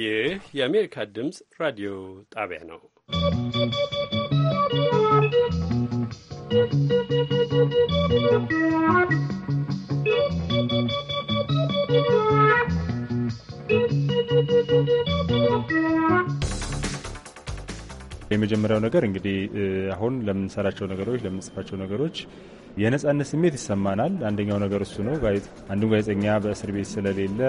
ይህ የአሜሪካ ድምፅ ራዲዮ ጣቢያ ነው። የመጀመሪያው ነገር እንግዲህ አሁን ለምንሰራቸው ነገሮች ለምንጽፋቸው ነገሮች የነጻነት ስሜት ይሰማናል። አንደኛው ነገር እሱ ነው። አንዱ ጋዜጠኛ በእስር ቤት ስለሌለ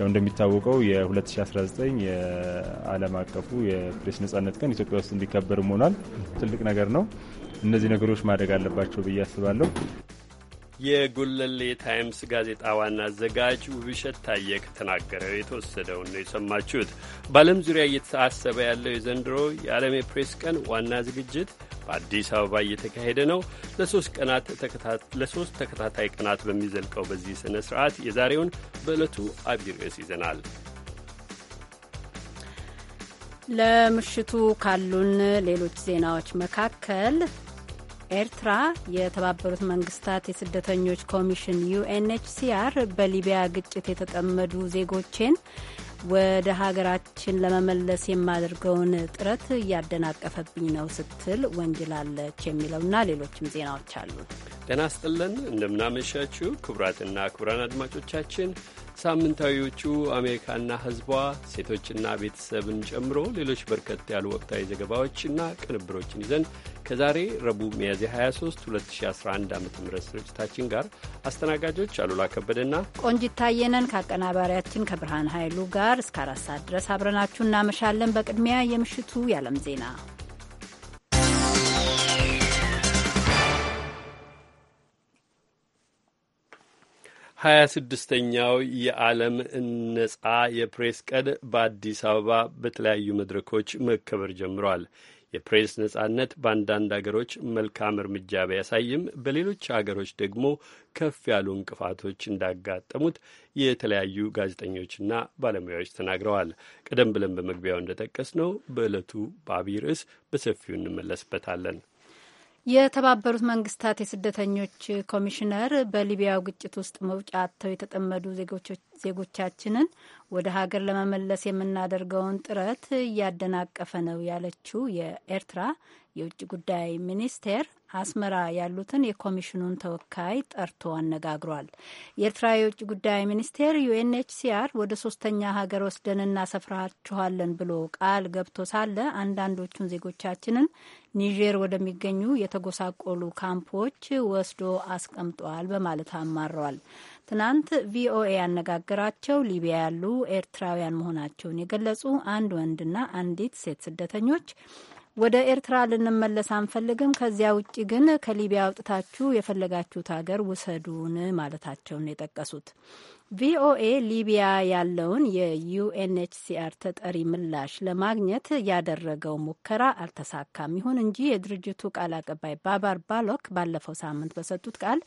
ያው እንደሚታወቀው የ2019 የዓለም አቀፉ የፕሬስ ነጻነት ቀን ኢትዮጵያ ውስጥ እንዲከበርም ሆኗል። ትልቅ ነገር ነው። እነዚህ ነገሮች ማደግ አለባቸው ብዬ አስባለሁ። የጉለሌ ታይምስ ጋዜጣ ዋና አዘጋጅ ውብሸት ታየ ከተናገረው የተወሰደውን ነው የሰማችሁት። በዓለም ዙሪያ እየተሳሰበ ያለው የዘንድሮ የዓለም የፕሬስ ቀን ዋና ዝግጅት በአዲስ አበባ እየተካሄደ ነው። ለሶስት ተከታታይ ቀናት በሚዘልቀው በዚህ ስነ ስርዓት የዛሬውን በዕለቱ አብይ ርዕስ ይዘናል። ለምሽቱ ካሉን ሌሎች ዜናዎች መካከል ኤርትራ የተባበሩት መንግስታት የስደተኞች ኮሚሽን ዩኤንኤችሲአር በሊቢያ ግጭት የተጠመዱ ዜጎችን ወደ ሀገራችን ለመመለስ የማደርገውን ጥረት እያደናቀፈብኝ ነው ስትል ወንጅላለች የሚለውና ሌሎችም ዜናዎች አሉ። ጤና ስጥልን እንደምናመሻችሁ ክቡራትና ክቡራን አድማጮቻችን ሳምንታዊዎቹ አሜሪካና ሕዝቧ ሴቶችና ቤተሰብን ጨምሮ ሌሎች በርከት ያሉ ወቅታዊ ዘገባዎችና ቅንብሮችን ይዘን ከዛሬ ረቡዕ ሚያዝያ 23 2011 ዓ ም ስርጭታችን ጋር አስተናጋጆች አሉላ ከበደና ቆንጂት ታየነን ከአቀናባሪያችን ከብርሃን ኃይሉ ጋር እስከ አራት ሰዓት ድረስ አብረናችሁ እናመሻለን። በቅድሚያ የምሽቱ የዓለም ዜና ሀያ ስድስተኛው የዓለም ነጻ የፕሬስ ቀን በአዲስ አበባ በተለያዩ መድረኮች መከበር ጀምሯል። የፕሬስ ነጻነት በአንዳንድ አገሮች መልካም እርምጃ ቢያሳይም በሌሎች አገሮች ደግሞ ከፍ ያሉ እንቅፋቶች እንዳጋጠሙት የተለያዩ ጋዜጠኞችና ባለሙያዎች ተናግረዋል። ቀደም ብለን በመግቢያው እንደጠቀስ ነው በዕለቱ በአብይ ርዕስ በሰፊው እንመለስበታለን። የተባበሩት መንግስታት የስደተኞች ኮሚሽነር በሊቢያ ግጭት ውስጥ መውጫ አጥተው የተጠመዱ ዜጎቻችንን ወደ ሀገር ለመመለስ የምናደርገውን ጥረት እያደናቀፈ ነው ያለችው የኤርትራ የውጭ ጉዳይ ሚኒስቴር አስመራ ያሉትን የኮሚሽኑን ተወካይ ጠርቶ አነጋግሯል። የኤርትራ የውጭ ጉዳይ ሚኒስቴር ዩኤንኤችሲአር ወደ ሶስተኛ ሀገር ወስደን እናሰፍራችኋለን ብሎ ቃል ገብቶ ሳለ አንዳንዶቹን ዜጎቻችንን ኒጀር ወደሚገኙ የተጎሳቆሉ ካምፖች ወስዶ አስቀምጧል በማለት አማረዋል። ትናንት ቪኦኤ ያነጋገራቸው ሊቢያ ያሉ ኤርትራውያን መሆናቸውን የገለጹ አንድ ወንድና አንዲት ሴት ስደተኞች ወደ ኤርትራ ልንመለስ አንፈልግም፣ ከዚያ ውጭ ግን ከሊቢያ አውጥታችሁ የፈለጋችሁት ሀገር ውሰዱን ማለታቸውን የጠቀሱት ቪኦኤ ሊቢያ ያለውን የዩኤንኤችሲአር ተጠሪ ምላሽ ለማግኘት ያደረገው ሙከራ አልተሳካም። ይሁን እንጂ የድርጅቱ ቃል አቀባይ ባባር ባሎክ ባለፈው ሳምንት በሰጡት ቃል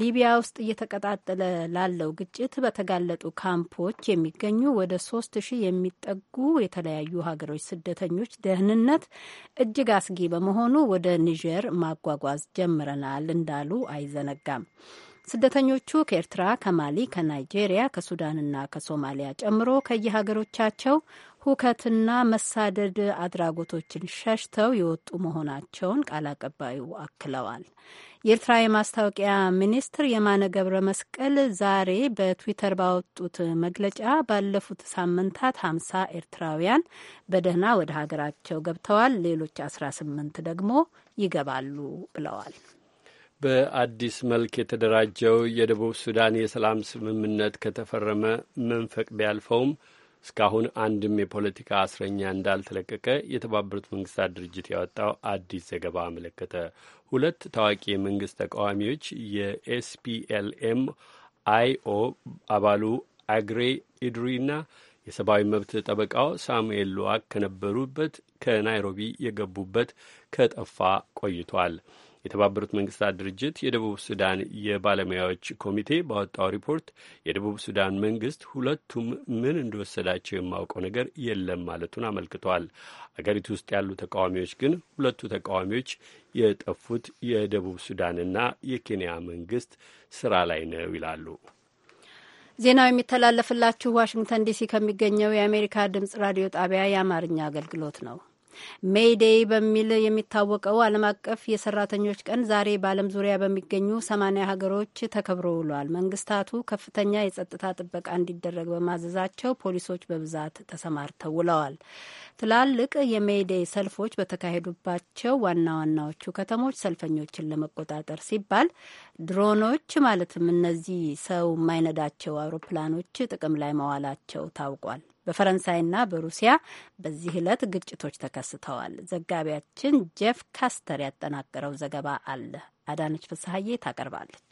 ሊቢያ ውስጥ እየተቀጣጠለ ላለው ግጭት በተጋለጡ ካምፖች የሚገኙ ወደ ሶስት ሺህ የሚጠጉ የተለያዩ ሀገሮች ስደተኞች ደህንነት እጅግ አስጊ በመሆኑ ወደ ኒጀር ማጓጓዝ ጀምረናል እንዳሉ አይዘነጋም። ስደተኞቹ ከኤርትራ፣ ከማሊ፣ ከናይጄሪያ፣ ከሱዳንና ከሶማሊያ ጨምሮ ከየሀገሮቻቸው ሁከትና መሳደድ አድራጎቶችን ሸሽተው የወጡ መሆናቸውን ቃል አቀባዩ አክለዋል። የኤርትራ የማስታወቂያ ሚኒስትር የማነ ገብረ መስቀል ዛሬ በትዊተር ባወጡት መግለጫ ባለፉት ሳምንታት ሀምሳ ኤርትራውያን በደህና ወደ ሀገራቸው ገብተዋል፣ ሌሎች አስራ ስምንት ደግሞ ይገባሉ ብለዋል። በአዲስ መልክ የተደራጀው የደቡብ ሱዳን የሰላም ስምምነት ከተፈረመ መንፈቅ ቢያልፈውም እስካሁን አንድም የፖለቲካ እስረኛ እንዳልተለቀቀ የተባበሩት መንግስታት ድርጅት ያወጣው አዲስ ዘገባ አመለከተ። ሁለት ታዋቂ የመንግስት ተቃዋሚዎች የኤስፒኤልኤም አይኦ አባሉ አግሬ ኢድሪና የሰብአዊ መብት ጠበቃው ሳሙኤል ሉዋክ ከነበሩበት ከናይሮቢ የገቡበት ከጠፋ ቆይቷል። የተባበሩት መንግስታት ድርጅት የደቡብ ሱዳን የባለሙያዎች ኮሚቴ ባወጣው ሪፖርት የደቡብ ሱዳን መንግስት ሁለቱም ምን እንደወሰዳቸው የማውቀው ነገር የለም ማለቱን አመልክቷል። አገሪቱ ውስጥ ያሉ ተቃዋሚዎች ግን ሁለቱ ተቃዋሚዎች የጠፉት የደቡብ ሱዳንና የኬንያ መንግስት ስራ ላይ ነው ይላሉ። ዜናው የሚተላለፍላችሁ ዋሽንግተን ዲሲ ከሚገኘው የአሜሪካ ድምጽ ራዲዮ ጣቢያ የአማርኛ አገልግሎት ነው። ሜይዴይ በሚል የሚታወቀው ዓለም አቀፍ የሰራተኞች ቀን ዛሬ በዓለም ዙሪያ በሚገኙ ሰማኒያ ሀገሮች ተከብሮ ውሏል። መንግስታቱ ከፍተኛ የጸጥታ ጥበቃ እንዲደረግ በማዘዛቸው ፖሊሶች በብዛት ተሰማርተው ውለዋል። ትላልቅ የሜይዴይ ሰልፎች በተካሄዱባቸው ዋና ዋናዎቹ ከተሞች ሰልፈኞችን ለመቆጣጠር ሲባል ድሮኖች ማለትም እነዚህ ሰው የማይነዳቸው አውሮፕላኖች ጥቅም ላይ መዋላቸው ታውቋል። በፈረንሳይና በሩሲያ በዚህ ዕለት ግጭቶች ተከስተዋል። ዘጋቢያችን ጄፍ ካስተር ያጠናቀረው ዘገባ አለ። አዳነች ፍስሐዬ ታቀርባለች።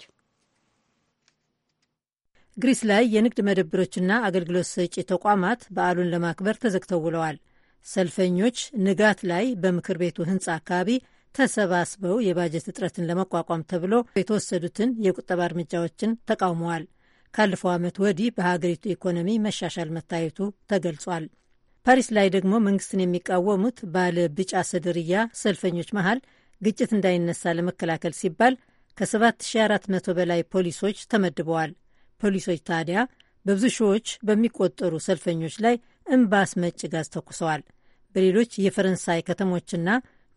ግሪስ ላይ የንግድ መደብሮችና አገልግሎት ሰጪ ተቋማት በዓሉን ለማክበር ተዘግተው ውለዋል። ሰልፈኞች ንጋት ላይ በምክር ቤቱ ሕንፃ አካባቢ ተሰባስበው የባጀት እጥረትን ለመቋቋም ተብሎ የተወሰዱትን የቁጠባ እርምጃዎችን ተቃውመዋል። ካለፈው ዓመት ወዲህ በሀገሪቱ ኢኮኖሚ መሻሻል መታየቱ ተገልጿል። ፓሪስ ላይ ደግሞ መንግስትን የሚቃወሙት ባለ ቢጫ ሰደርያ ሰልፈኞች መሃል ግጭት እንዳይነሳ ለመከላከል ሲባል ከ7400 በላይ ፖሊሶች ተመድበዋል። ፖሊሶች ታዲያ በብዙ ሺዎች በሚቆጠሩ ሰልፈኞች ላይ እምባ መጭ ጋዝ ተኩሰዋል። በሌሎች የፈረንሳይ ከተሞችና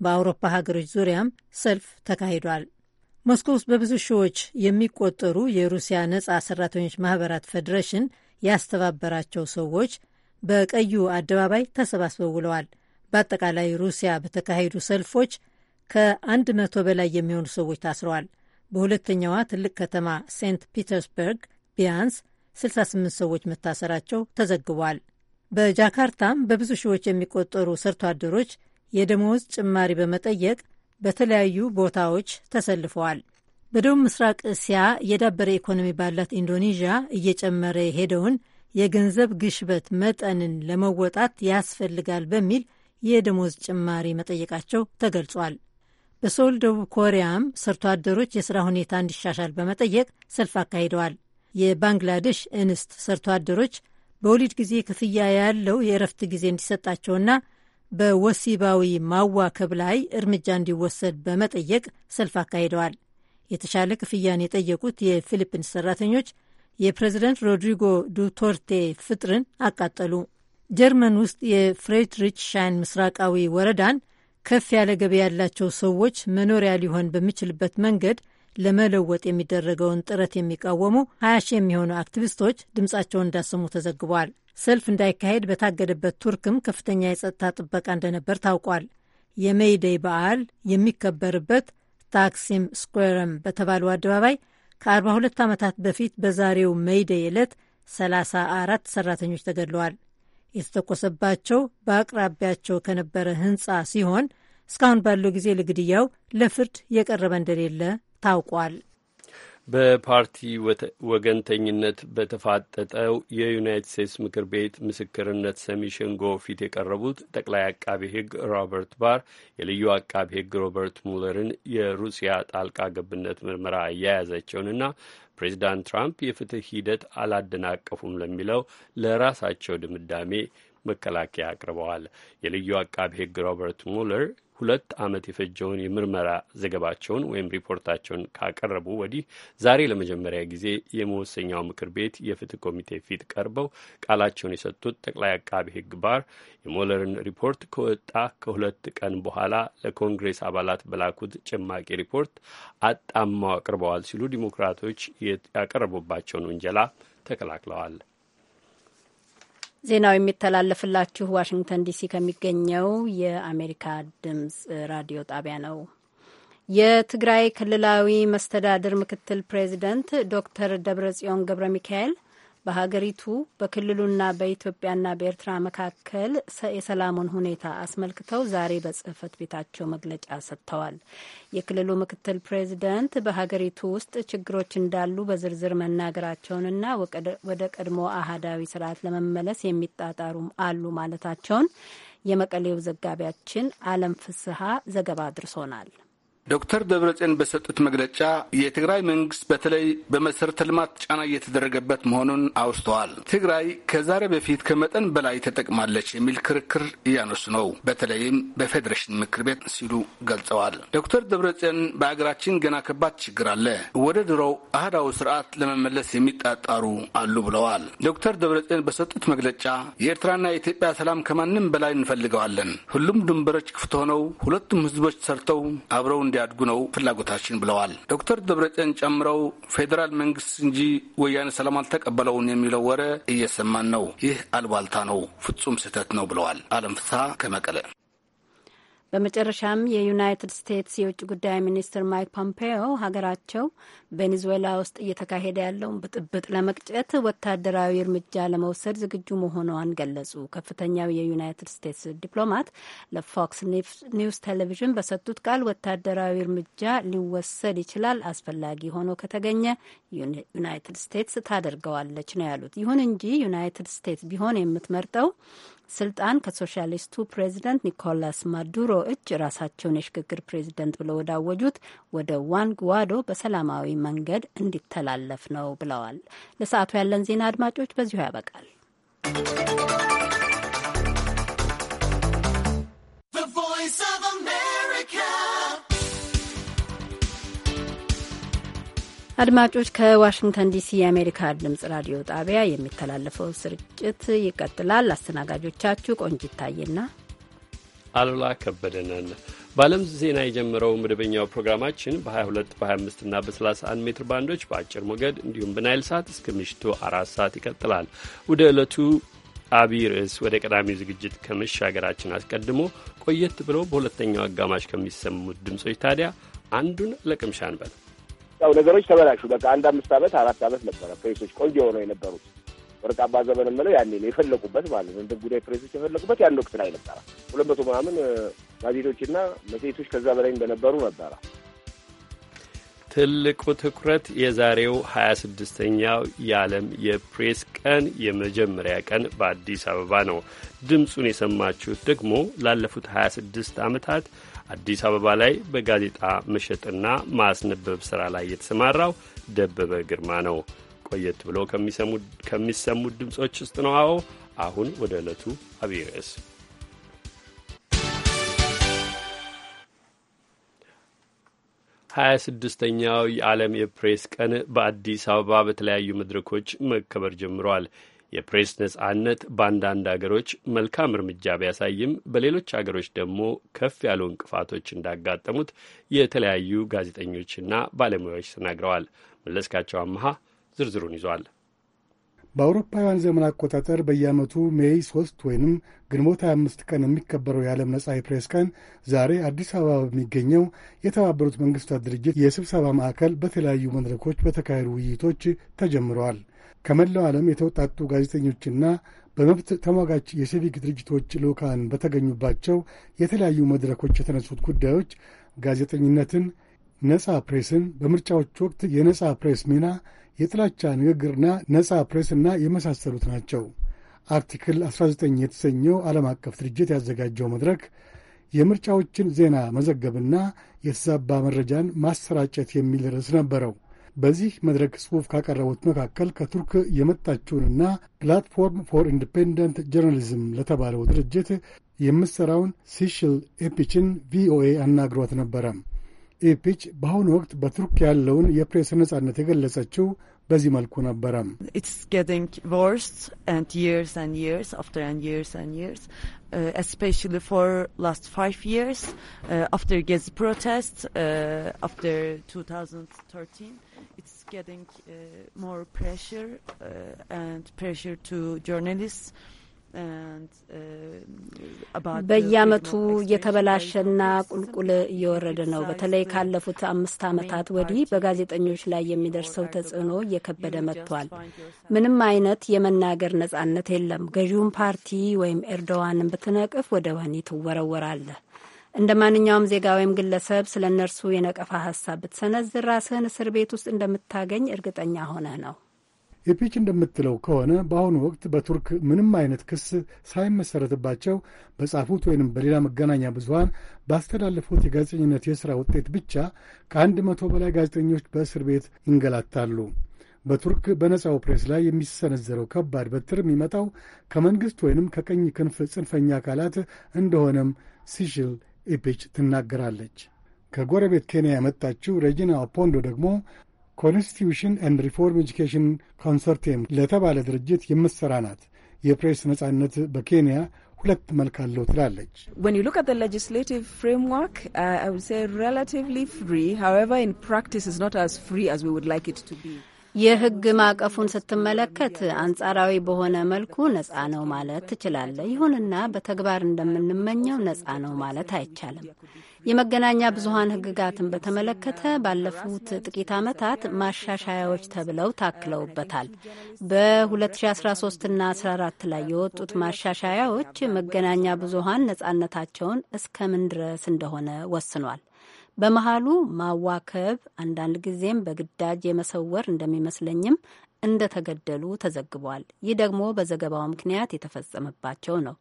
በአውሮፓ ሀገሮች ዙሪያም ሰልፍ ተካሂዷል። ሞስኮ ውስጥ በብዙ ሺዎች የሚቆጠሩ የሩሲያ ነጻ ሰራተኞች ማህበራት ፌዴሬሽን ያስተባበራቸው ሰዎች በቀዩ አደባባይ ተሰባስበው ውለዋል። በአጠቃላይ ሩሲያ በተካሄዱ ሰልፎች ከአንድ መቶ በላይ የሚሆኑ ሰዎች ታስረዋል። በሁለተኛዋ ትልቅ ከተማ ሴንት ፒተርስበርግ ቢያንስ 68 ሰዎች መታሰራቸው ተዘግቧል። በጃካርታም በብዙ ሺዎች የሚቆጠሩ ሰርቶ አደሮች የደመወዝ ጭማሪ በመጠየቅ በተለያዩ ቦታዎች ተሰልፈዋል። በደቡብ ምስራቅ እስያ የዳበረ ኢኮኖሚ ባላት ኢንዶኔዥያ እየጨመረ የሄደውን የገንዘብ ግሽበት መጠንን ለመወጣት ያስፈልጋል በሚል የደሞዝ ጭማሪ መጠየቃቸው ተገልጿል። በሶል ደቡብ ኮሪያም ሰርቶ አደሮች የሥራ ሁኔታ እንዲሻሻል በመጠየቅ ሰልፍ አካሂደዋል። የባንግላዴሽ እንስት ሰርቶ አደሮች በወሊድ ጊዜ ክፍያ ያለው የእረፍት ጊዜ እንዲሰጣቸውና በወሲባዊ ማዋከብ ላይ እርምጃ እንዲወሰድ በመጠየቅ ሰልፍ አካሂደዋል። የተሻለ ክፍያን የጠየቁት የፊሊፒንስ ሰራተኞች የፕሬዚደንት ሮድሪጎ ዱቶርቴ ፍጥርን አቃጠሉ። ጀርመን ውስጥ የፍሬድሪች ሻይን ምስራቃዊ ወረዳን ከፍ ያለ ገቢ ያላቸው ሰዎች መኖሪያ ሊሆን በሚችልበት መንገድ ለመለወጥ የሚደረገውን ጥረት የሚቃወሙ 20 ሺህ የሚሆኑ አክቲቪስቶች ድምፃቸውን እንዳሰሙ ተዘግቧል። ሰልፍ እንዳይካሄድ በታገደበት ቱርክም ከፍተኛ የጸጥታ ጥበቃ እንደነበር ታውቋል። የሜይደይ በዓል የሚከበርበት ታክሲም ስኩዌርም በተባለው አደባባይ ከ42 ዓመታት በፊት በዛሬው ሜይደይ ዕለት 34 ሰራተኞች ተገድለዋል። የተተኮሰባቸው በአቅራቢያቸው ከነበረ ህንፃ ሲሆን እስካሁን ባለው ጊዜ ለግድያው ለፍርድ የቀረበ እንደሌለ ታውቋል። በፓርቲ ወገንተኝነት በተፋጠጠው የዩናይትድ ስቴትስ ምክር ቤት ምስክርነት ሰሚ ሸንጎ ፊት የቀረቡት ጠቅላይ አቃቤ ሕግ ሮበርት ባር የልዩ አቃቤ ሕግ ሮበርት ሙለርን የሩሲያ ጣልቃ ገብነት ምርመራ አያያዛቸውንና ፕሬዚዳንት ትራምፕ የፍትህ ሂደት አላደናቀፉም ለሚለው ለራሳቸው ድምዳሜ መከላከያ አቅርበዋል። የልዩ አቃቤ ሕግ ሮበርት ሙለር ሁለት ዓመት የፈጀውን የምርመራ ዘገባቸውን ወይም ሪፖርታቸውን ካቀረቡ ወዲህ ዛሬ ለመጀመሪያ ጊዜ የመወሰኛው ምክር ቤት የፍትህ ኮሚቴ ፊት ቀርበው ቃላቸውን የሰጡት ጠቅላይ አቃቢ ሕግ ባር የሞለርን ሪፖርት ከወጣ ከሁለት ቀን በኋላ ለኮንግሬስ አባላት በላኩት ጭማቂ ሪፖርት አጣማው አቅርበዋል ሲሉ ዲሞክራቶች ያቀረቡባቸውን ውንጀላ ተከላክለዋል። ዜናው የሚተላለፍላችሁ ዋሽንግተን ዲሲ ከሚገኘው የአሜሪካ ድምጽ ራዲዮ ጣቢያ ነው። የትግራይ ክልላዊ መስተዳድር ምክትል ፕሬዚደንት ዶክተር ደብረጽዮን ገብረ ሚካኤል በሀገሪቱ በክልሉና በኢትዮጵያና በኤርትራ መካከል የሰላሙን ሁኔታ አስመልክተው ዛሬ በጽህፈት ቤታቸው መግለጫ ሰጥተዋል። የክልሉ ምክትል ፕሬዚደንት በሀገሪቱ ውስጥ ችግሮች እንዳሉ በዝርዝር መናገራቸውንና ወደ ቀድሞ አህዳዊ ስርዓት ለመመለስ የሚጣጣሩ አሉ ማለታቸውን የመቀሌው ዘጋቢያችን አለም ፍስሀ ዘገባ አድርሶናል። ዶክተር ደብረጽዮን በሰጡት መግለጫ የትግራይ መንግስት በተለይ በመሠረተ ልማት ጫና እየተደረገበት መሆኑን አውስተዋል። ትግራይ ከዛሬ በፊት ከመጠን በላይ ተጠቅማለች የሚል ክርክር እያነሱ ነው፣ በተለይም በፌዴሬሽን ምክር ቤት ሲሉ ገልጸዋል። ዶክተር ደብረጽዮን በአገራችን ገና ከባድ ችግር አለ፣ ወደ ድሮው አህዳዊ ስርዓት ለመመለስ የሚጣጣሩ አሉ ብለዋል። ዶክተር ደብረጽዮን በሰጡት መግለጫ የኤርትራና የኢትዮጵያ ሰላም ከማንም በላይ እንፈልገዋለን። ሁሉም ድንበሮች ክፍት ሆነው ሁለቱም ህዝቦች ሰርተው አብረው እንዲ እንዲያድጉ ነው ፍላጎታችን ብለዋል። ዶክተር ደብረጽዮን ጨምረው ፌዴራል መንግስት እንጂ ወያኔ ሰላም አልተቀበለውን የሚለው ወሬ እየሰማን ነው። ይህ አልባልታ ነው፣ ፍጹም ስህተት ነው ብለዋል። አለም ፍስሀ ከመቀለ በመጨረሻም የዩናይትድ ስቴትስ የውጭ ጉዳይ ሚኒስትር ማይክ ፖምፔዮ ሀገራቸው ቬኔዙዌላ ውስጥ እየተካሄደ ያለውን ብጥብጥ ለመቅጨት ወታደራዊ እርምጃ ለመውሰድ ዝግጁ መሆኗን ገለጹ። ከፍተኛው የዩናይትድ ስቴትስ ዲፕሎማት ለፎክስ ኒውስ ቴሌቪዥን በሰጡት ቃል ወታደራዊ እርምጃ ሊወሰድ ይችላል፣ አስፈላጊ ሆኖ ከተገኘ ዩናይትድ ስቴትስ ታደርገዋለች ነው ያሉት። ይሁን እንጂ ዩናይትድ ስቴትስ ቢሆን የምትመርጠው ስልጣን ከሶሻሊስቱ ፕሬዚደንት ኒኮላስ ማዱሮ እጅ ራሳቸውን የሽግግር ፕሬዚደንት ብለው ወዳወጁት ወደ ዋንግዋዶ በሰላማዊ መንገድ እንዲተላለፍ ነው ብለዋል። ለሰዓቱ ያለን ዜና አድማጮች በዚሁ ያበቃል። አድማጮች ከዋሽንግተን ዲሲ የአሜሪካ ድምጽ ራዲዮ ጣቢያ የሚተላለፈው ስርጭት ይቀጥላል። አስተናጋጆቻችሁ ቆንጂት ታዬና አሉላ ከበደነን። በዓለም ዜና የጀመረው መደበኛው ፕሮግራማችን በ22 በ25 እና በ31 ሜትር ባንዶች በአጭር ሞገድ እንዲሁም በናይል ሰዓት እስከ ምሽቱ አራት ሰዓት ይቀጥላል። ወደ ዕለቱ አቢይ ርዕስ ወደ ቀዳሚው ዝግጅት ከመሻገራችን አስቀድሞ ቆየት ብለው በሁለተኛው አጋማሽ ከሚሰሙት ድምጾች ታዲያ አንዱን ለቅምሻ እንበል። ያው ነገሮች ተበላሹ። በቃ አንድ አምስት ዓመት አራት ዓመት ነበረ ፕሬሶች ቆንጆ ሆነው የነበሩት ወርቃማ ዘመን የምለው ያኔ ነው የፈለቁበት ማለት ነው። እንደ ጉዳይ ፕሬሶች የፈለቁበት ያን ወቅት ላይ ነበረ። ሁለት መቶ ምናምን ጋዜጦችና መጽሔቶች ከዛ በላይ እንደነበሩ ነበረ። ትልቁ ትኩረት የዛሬው 26ኛው የዓለም የፕሬስ ቀን የመጀመሪያ ቀን በአዲስ አበባ ነው። ድምፁን የሰማችሁት ደግሞ ላለፉት 26 ዓመታት አዲስ አበባ ላይ በጋዜጣ መሸጥና ማስነበብ ሥራ ላይ የተሰማራው ደበበ ግርማ ነው። ቆየት ብሎ ከሚሰሙት ድምፆች ውስጥ ነው። አዎ አሁን ወደ ዕለቱ አብይ ርዕስ ሀያ ስድስተኛው የዓለም የፕሬስ ቀን በአዲስ አበባ በተለያዩ መድረኮች መከበር ጀምረዋል። የፕሬስ ነጻነት በአንዳንድ አገሮች መልካም እርምጃ ቢያሳይም በሌሎች አገሮች ደግሞ ከፍ ያሉ እንቅፋቶች እንዳጋጠሙት የተለያዩ ጋዜጠኞችና ባለሙያዎች ተናግረዋል። መለስካቸው አመሃ ዝርዝሩን ይዟል። በአውሮፓውያን ዘመን አቆጣጠር በየዓመቱ ሜይ 3 ወይንም ግንቦት 25 ቀን የሚከበረው የዓለም ነጻ የፕሬስ ቀን ዛሬ አዲስ አበባ በሚገኘው የተባበሩት መንግስታት ድርጅት የስብሰባ ማዕከል በተለያዩ መድረኮች በተካሄዱ ውይይቶች ተጀምረዋል። ከመላው ዓለም የተውጣጡ ጋዜጠኞችና በመብት ተሟጋች የሲቪክ ድርጅቶች ልዑካን በተገኙባቸው የተለያዩ መድረኮች የተነሱት ጉዳዮች ጋዜጠኝነትን፣ ነጻ ፕሬስን፣ በምርጫዎች ወቅት የነጻ ፕሬስ ሚና፣ የጥላቻ ንግግርና ነጻ ፕሬስና የመሳሰሉት ናቸው። አርቲክል 19 የተሰኘው ዓለም አቀፍ ድርጅት ያዘጋጀው መድረክ የምርጫዎችን ዜና መዘገብና የተዛባ መረጃን ማሰራጨት የሚል ርዕስ ነበረው። በዚህ መድረክ ጽሑፍ ካቀረቡት መካከል ከቱርክ የመጣችውንና ፕላትፎርም ፎር ኢንዲፔንደንት ጆርናሊዝም ለተባለው ድርጅት የምትሠራውን ሲሽል ኤፒችን ቪኦኤ አናግሯት ነበረ። ኤፒች በአሁኑ ወቅት በቱርክ ያለውን የፕሬስ ነጻነት የገለጸችው በዚህ መልኩ ነበረ። uh, especially for last five years uh, after Gezi protests uh, after 2013 it's getting uh, more pressure uh, and pressure to journalists Uh, በየአመቱ የተበላሸና ቁልቁል እየወረደ ነው። በተለይ ካለፉት አምስት አመታት ወዲህ በጋዜጠኞች ላይ የሚደርሰው ተጽዕኖ እየከበደ መጥቷል። ምንም አይነት የመናገር ነጻነት የለም። ገዢውን ፓርቲ ወይም ኤርዶዋንን ብትነቅፍ ወደ ወህኒ ትወረወራለህ። እንደ ማንኛውም ዜጋ ወይም ግለሰብ ስለ እነርሱ የነቀፋ ሀሳብ ብትሰነዝር ራስህን እስር ቤት ውስጥ እንደምታገኝ እርግጠኛ ሆነህ ነው ኢፒች እንደምትለው ከሆነ በአሁኑ ወቅት በቱርክ ምንም አይነት ክስ ሳይመሰረትባቸው በጻፉት ወይንም በሌላ መገናኛ ብዙሃን ባስተላለፉት የጋዜጠኝነት የሥራ ውጤት ብቻ ከአንድ መቶ በላይ ጋዜጠኞች በእስር ቤት ይንገላታሉ። በቱርክ በነጻው ፕሬስ ላይ የሚሰነዘረው ከባድ በትር የሚመጣው ከመንግሥት ወይንም ከቀኝ ክንፍ ጽንፈኛ አካላት እንደሆነም ሲሽል ኢፒች ትናገራለች። ከጎረቤት ኬንያ የመጣችው ሬጂና ኦፖንዶ ደግሞ ኮንስቲቱሽን ኤንድ ሪፎርም ኤጁኬሽን ኮንሰርቲየም ለተባለ ድርጅት የምትሠራ ናት። የፕሬስ ነጻነት በኬንያ ሁለት መልክ አለው ትላለች። uh, የሕግ ማዕቀፉን ስትመለከት አንጻራዊ በሆነ መልኩ ነጻ ነው ማለት ትችላለህ። ይሁንና በተግባር እንደምንመኘው ነጻ ነው ማለት አይቻልም። የመገናኛ ብዙሀን ህግጋትን በተመለከተ ባለፉት ጥቂት ዓመታት ማሻሻያዎች ተብለው ታክለውበታል። በ2013ና 14 ላይ የወጡት ማሻሻያዎች መገናኛ ብዙሀን ነጻነታቸውን እስከምን ድረስ እንደሆነ ወስኗል። በመሃሉ ማዋከብ፣ አንዳንድ ጊዜም በግዳጅ የመሰወር እንደሚመስለኝም እንደተገደሉ ተዘግቧል። ይህ ደግሞ በዘገባው ምክንያት የተፈጸመባቸው ነው።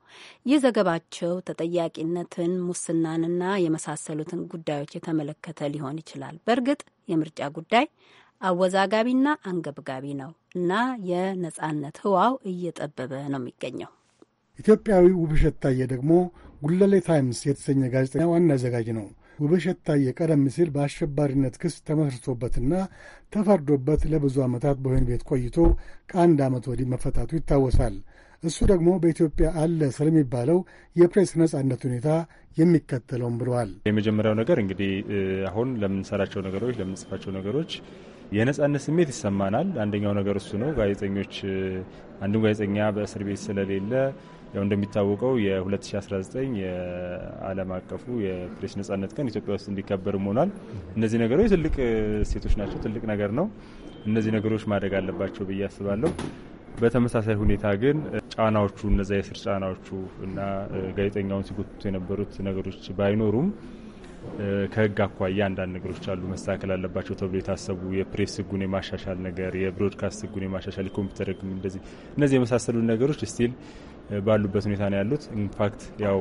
ይህ ዘገባቸው ተጠያቂነትን፣ ሙስናንና የመሳሰሉትን ጉዳዮች የተመለከተ ሊሆን ይችላል። በእርግጥ የምርጫ ጉዳይ አወዛጋቢና አንገብጋቢ ነው እና የነጻነት ህዋው እየጠበበ ነው የሚገኘው። ኢትዮጵያዊ ውብሸት ታየ ደግሞ ጉለሌ ታይምስ የተሰኘ ጋዜጠኛ ዋና አዘጋጅ ነው። ውብሸት ታዬ ቀደም ሲል በአሸባሪነት ክስ ተመስርቶበትና ተፈርዶበት ለብዙ ዓመታት በወህኒ ቤት ቆይቶ ከአንድ ዓመት ወዲህ መፈታቱ ይታወሳል። እሱ ደግሞ በኢትዮጵያ አለ ስለሚባለው የፕሬስ ነጻነት ሁኔታ የሚከተለውም ብለዋል። የመጀመሪያው ነገር እንግዲህ አሁን ለምንሰራቸው ነገሮች፣ ለምንጽፋቸው ነገሮች የነጻነት ስሜት ይሰማናል። አንደኛው ነገር እሱ ነው። ጋዜጠኞች አንዱም ጋዜጠኛ በእስር ቤት ስለሌለ ያው እንደሚታወቀው የ2019 የዓለም አቀፉ የፕሬስ ነጻነት ቀን ኢትዮጵያ ውስጥ እንዲከበርም ሆኗል። እነዚህ ነገሮች ትልቅ ሴቶች ናቸው፣ ትልቅ ነገር ነው። እነዚህ ነገሮች ማደግ አለባቸው ብዬ አስባለሁ። በተመሳሳይ ሁኔታ ግን ጫናዎቹ እነዛ የስር ጫናዎቹ እና ጋዜጠኛውን ሲጎትቱ የነበሩት ነገሮች ባይኖሩም ከህግ አኳያ አንዳንድ ነገሮች አሉ መስተካከል አለባቸው ተብሎ የታሰቡ የፕሬስ ህጉን የማሻሻል ነገር፣ የብሮድካስት ህጉን የማሻሻል የኮምፒውተር ሕግ እንደዚህ እነዚህ የመሳሰሉ ነገሮች ስቲል ባሉበት ሁኔታ ነው ያሉት። ኢንፋክት ያው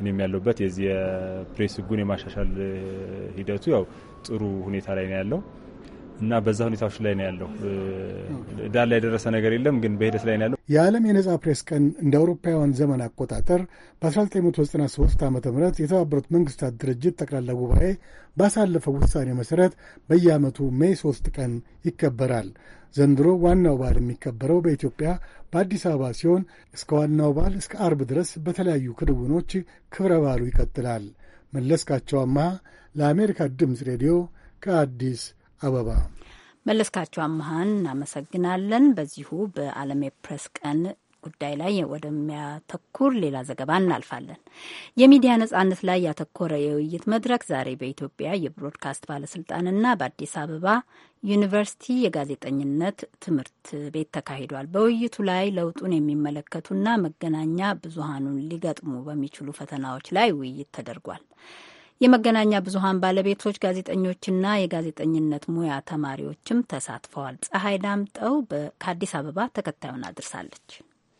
እኔም ያለሁበት የዚህ የፕሬስ ህጉን የማሻሻል ሂደቱ ያው ጥሩ ሁኔታ ላይ ነው ያለው። እና በዛ ሁኔታዎች ላይ ነው ያለው። ዳር ላይ የደረሰ ነገር የለም፣ ግን በሂደት ላይ ነው ያለው። የዓለም የነጻ ፕሬስ ቀን እንደ አውሮፓውያን ዘመን አቆጣጠር በ1993 ዓ ም የተባበሩት መንግስታት ድርጅት ጠቅላላ ጉባኤ ባሳለፈው ውሳኔ መሠረት በየዓመቱ ሜይ 3 ቀን ይከበራል። ዘንድሮ ዋናው በዓል የሚከበረው በኢትዮጵያ በአዲስ አበባ ሲሆን እስከ ዋናው በዓል እስከ አርብ ድረስ በተለያዩ ክንውኖች ክብረ በዓሉ ይቀጥላል። መለስካቸው አማሃ ለአሜሪካ ድምፅ ሬዲዮ ከአዲስ አበባ መለስካቸው አመሀን እናመሰግናለን። በዚሁ በዓለም የፕሬስ ቀን ጉዳይ ላይ ወደሚያተኩር ሌላ ዘገባ እናልፋለን። የሚዲያ ነጻነት ላይ ያተኮረ የውይይት መድረክ ዛሬ በኢትዮጵያ የብሮድካስት ባለስልጣንና በአዲስ አበባ ዩኒቨርሲቲ የጋዜጠኝነት ትምህርት ቤት ተካሂዷል። በውይይቱ ላይ ለውጡን የሚመለከቱና መገናኛ ብዙሃኑን ሊገጥሙ በሚችሉ ፈተናዎች ላይ ውይይት ተደርጓል። የመገናኛ ብዙሀን ባለቤቶች፣ ጋዜጠኞችና የጋዜጠኝነት ሙያ ተማሪዎችም ተሳትፈዋል። ፀሐይ ዳምጠው ከአዲስ አበባ ተከታዩን አድርሳለች።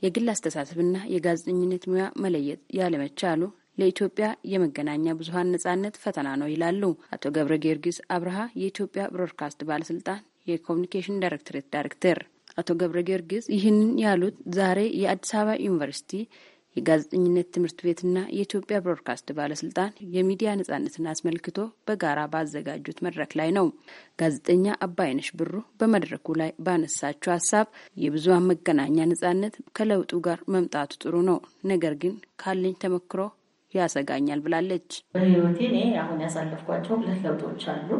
የግል አስተሳሰብና የጋዜጠኝነት ሙያ መለየት ያለመቻሉ ለኢትዮጵያ የመገናኛ ብዙሀን ነጻነት ፈተና ነው ይላሉ አቶ ገብረ ጊዮርጊስ አብርሃ የኢትዮጵያ ብሮድካስት ባለስልጣን የኮሚኒኬሽን ዳይሬክቶሬት ዳይሬክተር። አቶ ገብረ ጊዮርጊስ ይህንን ያሉት ዛሬ የአዲስ አበባ ዩኒቨርሲቲ የጋዜጠኝነት ትምህርት ቤትና የኢትዮጵያ ብሮድካስት ባለስልጣን የሚዲያ ነጻነትን አስመልክቶ በጋራ ባዘጋጁት መድረክ ላይ ነው። ጋዜጠኛ አባይነሽ ብሩ በመድረኩ ላይ ባነሳችው ሀሳብ የብዙሃን መገናኛ ነጻነት ከለውጡ ጋር መምጣቱ ጥሩ ነው፣ ነገር ግን ካለኝ ተመክሮ ያሰጋኛል ብላለች። በህይወቴ እኔ አሁን ያሳለፍኳቸው ሁለት ለውጦች አሉ።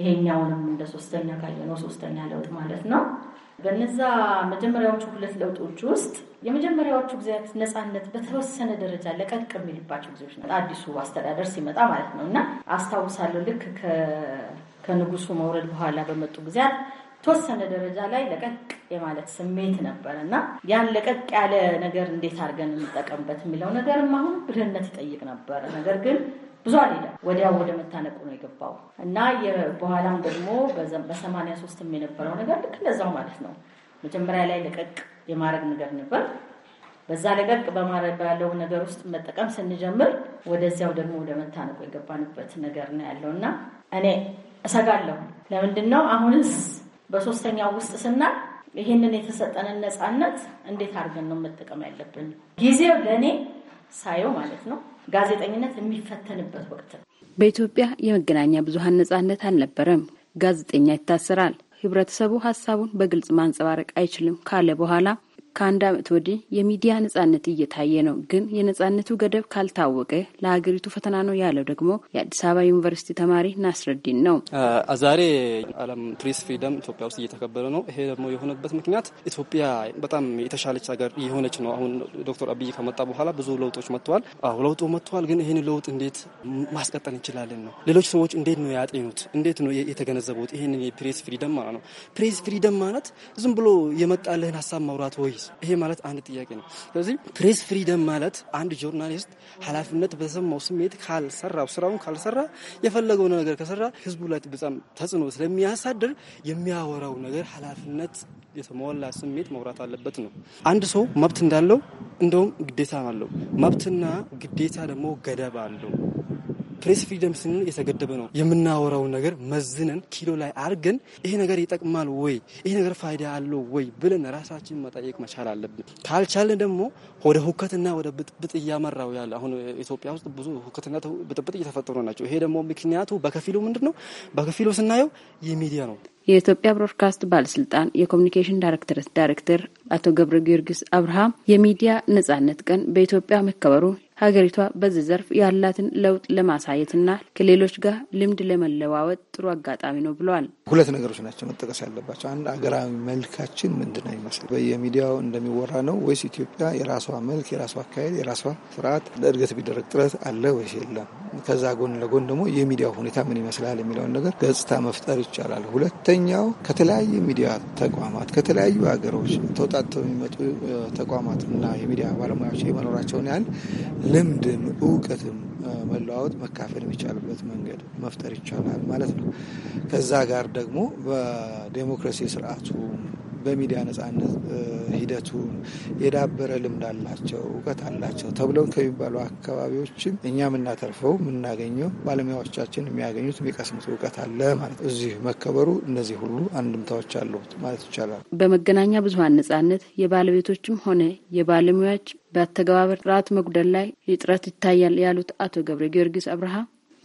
ይሄኛውንም እንደ ሶስተኛ ካየነው ሶስተኛ ለውጥ ማለት ነው በነዛ መጀመሪያዎቹ ሁለት ለውጦች ውስጥ የመጀመሪያዎቹ ጊዜያት ነጻነት በተወሰነ ደረጃ ለቀቅ የሚልባቸው ጊዜዎች ነው። አዲሱ አስተዳደር ሲመጣ ማለት ነው እና አስታውሳለሁ ልክ ከንጉሱ መውረድ በኋላ በመጡ ጊዜያት ተወሰነ ደረጃ ላይ ለቀቅ የማለት ስሜት ነበር እና ያን ለቀቅ ያለ ነገር እንዴት አድርገን እንጠቀምበት የሚለው ነገርም አሁን ብድህነት ይጠይቅ ነበር። ነገር ግን ብዙ አልሄደም። ወዲያ ወደ መታነቁ ነው የገባው እና በኋላም ደግሞ በሰማንያ ሶስትም የነበረው ነገር ልክ እንደዛው ማለት ነው። መጀመሪያ ላይ ለቀቅ የማድረግ ነገር ነበር። በዛ ለቀቅ በማድረግ ነገር ውስጥ መጠቀም ስንጀምር ወደዚያው ደግሞ ወደ መታነቁ የገባንበት ነገር ነው ያለው እና እኔ እሰጋለሁ። ለምንድን ነው አሁንስ በሶስተኛው ውስጥ ስና ይህንን የተሰጠንን ነፃነት እንዴት አድርገን ነው መጠቀም ያለብን? ጊዜው ለእኔ ሳየው ማለት ነው ጋዜጠኝነት የሚፈተንበት ወቅት ነው። በኢትዮጵያ የመገናኛ ብዙሀን ነጻነት አልነበረም። ጋዜጠኛ ይታሰራል፣ ህብረተሰቡ ሀሳቡን በግልጽ ማንጸባረቅ አይችልም ካለ በኋላ ከአንድ ዓመት ወዲህ የሚዲያ ነጻነት እየታየ ነው። ግን የነጻነቱ ገደብ ካልታወቀ ለሀገሪቱ ፈተና ነው ያለው ደግሞ የአዲስ አበባ ዩኒቨርሲቲ ተማሪ ናስረዲን ነው። ዛሬ ዓለም ፕሬስ ፍሪደም ኢትዮጵያ ውስጥ እየተከበረ ነው። ይሄ ደግሞ የሆነበት ምክንያት ኢትዮጵያ በጣም የተሻለች ሀገር የሆነች ነው። አሁን ዶክተር አብይ ከመጣ በኋላ ብዙ ለውጦች መጥተዋል። አሁ ለውጡ መጥተዋል። ግን ይህን ለውጥ እንዴት ማስቀጠል እንችላለን ነው። ሌሎች ሰዎች እንዴት ነው ያጤኑት? እንዴት ነው የተገነዘቡት? ይህን የፕሬስ ፍሪደም ማለት ነው። ፕሬስ ፍሪደም ማለት ዝም ብሎ የመጣልህን ሀሳብ መውራት ወይስ ይሄ ማለት አንድ ጥያቄ ነው። ስለዚህ ፕሬስ ፍሪደም ማለት አንድ ጆርናሊስት ኃላፊነት በተሰማው ስሜት ካልሰራ ስራውን ካልሰራ የፈለገውን ነገር ከሰራ ህዝቡ ላይ በጣም ተጽዕኖ ስለሚያሳድር የሚያወራው ነገር ኃላፊነት የተሞላ ስሜት መውራት አለበት ነው። አንድ ሰው መብት እንዳለው እንደውም ግዴታ አለው። መብትና ግዴታ ደግሞ ገደብ አለው። ፕሬስ ፍሪደም ስንል የተገደበ ነው። የምናወራውን ነገር መዝነን ኪሎ ላይ አድርገን ይሄ ነገር ይጠቅማል ወይ ይሄ ነገር ፋይዳ አለው ወይ ብለን ራሳችን መጠየቅ መቻል አለብን። ካልቻለን ደግሞ ወደ ሁከትና ወደ ብጥብጥ እያመራው ያለ አሁን ኢትዮጵያ ውስጥ ብዙ ሁከትና ብጥብጥ እየተፈጠሩ ናቸው። ይሄ ደግሞ ምክንያቱ በከፊሉ ምንድን ነው? በከፊሉ ስናየው የሚዲያ ነው። የኢትዮጵያ ብሮድካስት ባለስልጣን የኮሚኒኬሽን ዳይሬክተርስ ዳይሬክተር አቶ ገብረ ጊዮርጊስ አብርሃም የሚዲያ ነጻነት ቀን በኢትዮጵያ መከበሩ ሀገሪቷ በዚህ ዘርፍ ያላትን ለውጥ ለማሳየትና ከሌሎች ጋር ልምድ ለመለዋወጥ ጥሩ አጋጣሚ ነው ብለዋል። ሁለት ነገሮች ናቸው መጠቀስ ያለባቸው። አንድ ሀገራዊ መልካችን ምንድን ይመስል በየሚዲያው እንደሚወራ ነው ወይስ ኢትዮጵያ የራሷ መልክ፣ የራሷ አካሄድ፣ የራሷ ስርዓት ለእድገት ቢደረግ ጥረት አለ ወይስ የለም? ከዛ ጎን ለጎን ደግሞ የሚዲያው ሁኔታ ምን ይመስላል የሚለውን ነገር ገጽታ መፍጠር ይቻላል። ሁለተኛው ከተለያዩ ሚዲያ ተቋማት ከተለያዩ ሀገሮች ተውጣጥተው የሚመጡ ተቋማት እና የሚዲያ ባለሙያዎች የመኖራቸውን ያህል ልምድም እውቀትም መለዋወጥ፣ መካፈል የሚቻልበት መንገድ መፍጠር ይቻላል ማለት ነው። ከዛ ጋር ደግሞ በዴሞክራሲ ስርዓቱ በሚዲያ ነጻነት ሂደቱን የዳበረ ልምድ አላቸው፣ እውቀት አላቸው ተብለው ከሚባሉ አካባቢዎችም እኛ የምናተርፈው የምናገኘው ባለሙያዎቻችን የሚያገኙት የሚቀስሙት እውቀት አለ ማለት እዚህ መከበሩ እነዚህ ሁሉ አንድምታዎች አሉት ማለት ይቻላል። በመገናኛ ብዙሀን ነጻነት የባለቤቶችም ሆነ የባለሙያዎች በአተገባበር ጥራት መጉደል ላይ እጥረት ይታያል ያሉት አቶ አቶ ገብረ ጊዮርጊስ አብርሃ